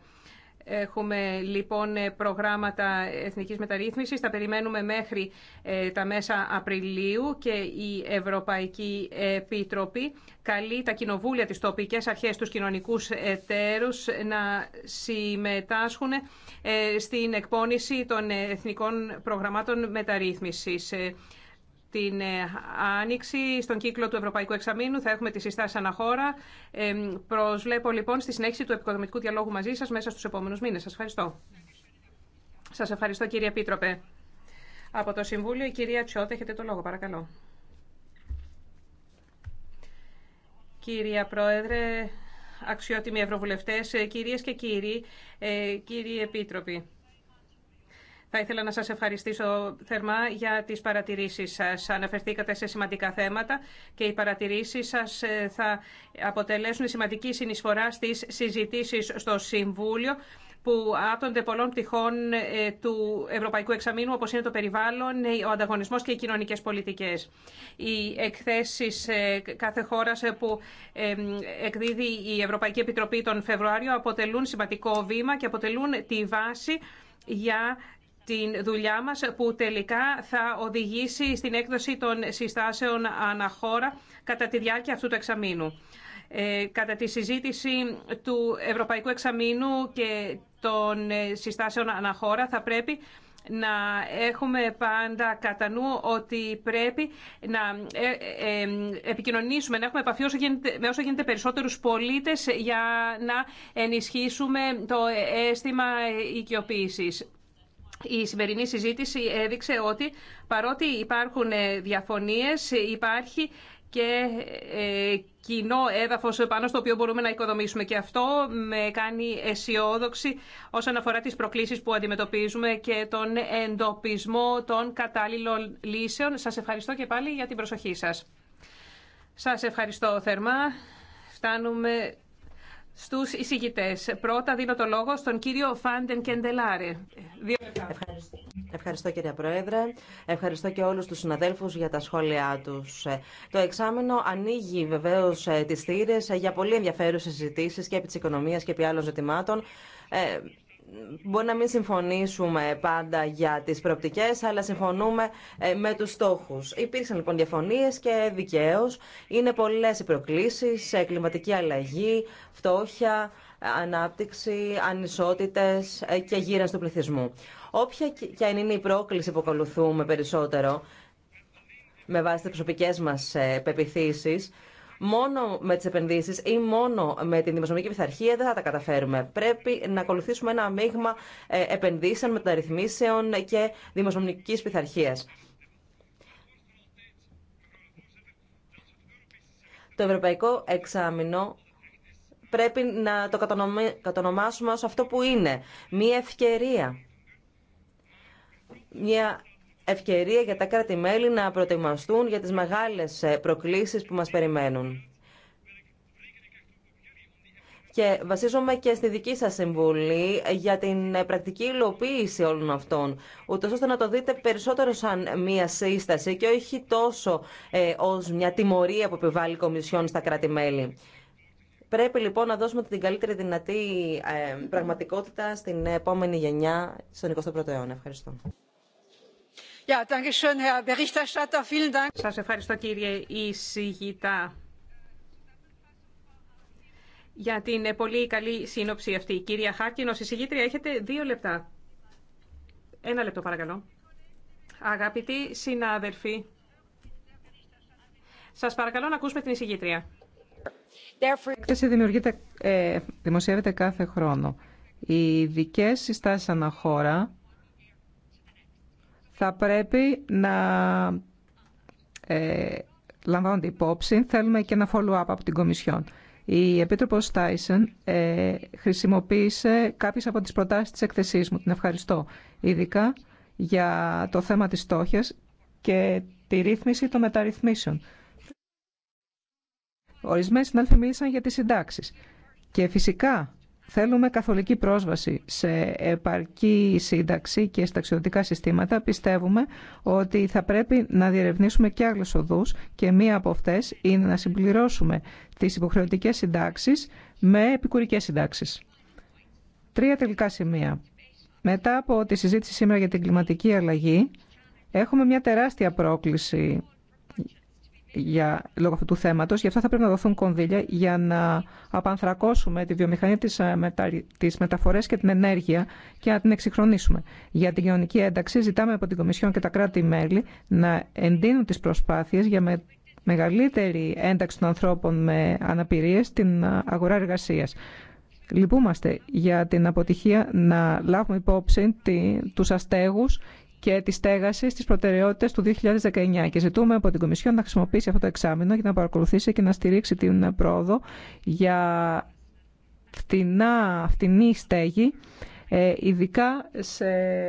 Έχουμε λοιπόν προγράμματα εθνικής μεταρρύθμισης, τα περιμένουμε μέχρι ε, τα μέσα Απριλίου και η Ευρωπαϊκή Επιτροπή καλεί τα κοινοβούλια, τις τοπικές αρχές, τους κοινωνικούς εταίρους να συμμετάσχουν ε, στην εκπόνηση των εθνικών προγραμμάτων μεταρρύθμισης. Ε, την ε, Άνοιξη στον κύκλο του Ευρωπαϊκού Εξαμήνου. Θα έχουμε τις συστάσεις αναχώρα. Ε, προσβλέπω λοιπόν στη συνέχιση του επικοδομητικού διαλόγου μαζί σας μέσα στους επόμενους μήνες. Σας ευχαριστώ. Σας ευχαριστώ κύριε Επίτροπε. Από το Συμβούλιο η κυρία Τσιώτα έχετε το λόγο παρακαλώ. Κυρία Πρόεδρε, αξιότιμοι ευρωβουλευτές, ε, κυρίες και κύριοι, ε, κύριοι επίτροποι. Θα ήθελα να σας ευχαριστήσω θερμά για τις παρατηρήσεις σας. Αναφερθήκατε σε σημαντικά θέματα και οι παρατηρήσεις σας ε, θα αποτελέσουν σημαντική συνεισφορά στις συζητήσεις στο Συμβούλιο που άπτονται πολλών πτυχών ε, του Ευρωπαϊκού Εξαμήνου, όπως είναι το περιβάλλον, ε, ο ανταγωνισμός και οι κοινωνικές πολιτικές. Οι εκθέσεις κάθε χώρας που εκδίδει η Ευρωπαϊκή Επιτροπή τον Φεβρουάριο αποτελούν σημαντικό βήμα και αποτελούν τη βάση για την δουλειά μας που τελικά θα οδηγήσει στην έκδοση των συστάσεων αναχώρα κατά τη διάρκεια αυτού του εξαμήνου. Ε, κατά τη συζήτηση του Ευρωπαϊκού Εξαμήνου και των συστάσεων αναχώρα θα πρέπει να έχουμε πάντα κατά νου ότι πρέπει να ε, ε, επικοινωνήσουμε, να έχουμε επαφή με όσο γίνεται περισσότερους πολίτες για να ενισχύσουμε το αίσθημα οικειοποίησης. Η σημερινή συζήτηση έδειξε ότι παρότι υπάρχουν ε, διαφωνίες, υπάρχει και ε, κοινό έδαφος πάνω στο οποίο μπορούμε να οικοδομήσουμε. Και αυτό με κάνει αισιόδοξη όσον αφορά τις προκλήσεις που αντιμετωπίζουμε και τον εντοπισμό των κατάλληλων λύσεων. Σας ευχαριστώ και πάλι για την προσοχή σας. Σας ευχαριστώ θερμά. Φτάνουμε στους εισηγητέ. Πρώτα δίνω το λόγο στον κύριο Φάντεν Κεντελάρε. Ευχαριστώ. Ευχαριστώ κύριε Πρόεδρε. Ευχαριστώ και όλους τους συναδέλφους για τα σχόλιά τους. Το εξάμεινο ανοίγει βεβαίως ε, τις θύρες ε, για πολύ ενδιαφέρουσες συζητήσει και επί της οικονομίας και επί άλλων ζητημάτων. Ε, μπορεί να μην συμφωνήσουμε πάντα για τις προοπτικές, αλλά συμφωνούμε ε, με τους στόχους. Υπήρξαν λοιπόν διαφωνίε και δικαίω. Είναι πολλές οι προκλήσεις, ε, κλιματική αλλαγή, φτώχεια, ανάπτυξη, ανισότητες ε, και γύρανση του πληθυσμού. Όποια και αν είναι η πρόκληση που ακολουθούμε περισσότερο, με βάση τις προσωπικέ μας πεπιθήσεις, Μόνο με τι επενδύσει ή μόνο με την δημοσιονομική πειθαρχία δεν θα τα καταφέρουμε. Πρέπει να ακολουθήσουμε ένα μείγμα ε, επενδύσεων, μεταρρυθμίσεων και δημοσιονομική πειθαρχία. Το ευρωπαϊκό εξάμεινο πρέπει να το κατονομάσουμε ως αυτό που είναι. Μία ευκαιρία. Μία ευκαιρία για τα κράτη-μέλη να προετοιμαστούν για τις μεγάλες ε, προκλήσεις που μας περιμένουν. Και βασίζομαι και στη δική σας συμβουλή για την ε, πρακτική υλοποίηση όλων αυτών, ούτω ώστε να το δείτε περισσότερο σαν μία σύσταση και όχι τόσο ε, ως μια τιμωρία που επιβάλλει η Κομισιόν στα κράτη-μέλη. Πρέπει λοιπόν να δώσουμε την καλύτερη δυνατή ε, πραγματικότητα στην επόμενη γενιά, στον 21ο αιώνα. Ευχαριστώ. Σας ευχαριστώ κύριε Ισηγητά για την πολύ καλή σύνοψη αυτή. Κυρία Χάρκινος, εισηγήτρια έχετε δύο λεπτά. Ένα λεπτό παρακαλώ. Αγαπητοί συνάδελφοι, σας παρακαλώ να ακούσουμε την εισηγήτρια. Έκθεση δημιουργείται, ε, δημοσιεύεται κάθε χρόνο. Οι ειδικέ συστάσεις αναχώρα θα πρέπει να ε, λαμβάνονται υπόψη. Θέλουμε και ένα follow-up από την Κομισιόν. Η Επίτροπος Τάισεν ε, χρησιμοποίησε κάποιες από τις προτάσεις της εκθεσής μου. Την ευχαριστώ ειδικά για το θέμα της στόχης και τη ρύθμιση των μεταρρυθμίσεων. Ορισμένες συνάδελφοι μίλησαν για τις συντάξεις. Και φυσικά Θέλουμε καθολική πρόσβαση σε επαρκή σύνταξη και συνταξιδοτικά συστήματα. Πιστεύουμε ότι θα πρέπει να διερευνήσουμε και άλλε οδού και μία από αυτέ είναι να συμπληρώσουμε τι υποχρεωτικέ συντάξει με επικουρικέ συντάξει. Τρία τελικά σημεία. Μετά από τη συζήτηση σήμερα για την κλιματική αλλαγή, έχουμε μια τεράστια πρόκληση για, λόγω αυτού του θέματος. Γι' αυτό θα πρέπει να δοθούν κονδύλια για να απανθρακώσουμε τη βιομηχανία τη ε, μεταφορές και την ενέργεια και να την εξυγχρονίσουμε. Για την κοινωνική ένταξη ζητάμε από την Κομισιόν και τα κράτη-μέλη να εντείνουν τις προσπάθειες για μεγαλύτερη ένταξη των ανθρώπων με αναπηρίε στην ε, αγορά εργασία. Λυπούμαστε για την αποτυχία να λάβουμε υπόψη τους αστέγους και τη στέγαση στι προτεραιότητε του 2019. Και ζητούμε από την Κομισιόν να χρησιμοποιήσει αυτό το εξάμεινο για να παρακολουθήσει και να στηρίξει την πρόοδο για φτηνά, φτηνή στέγη, ε, ειδικά σε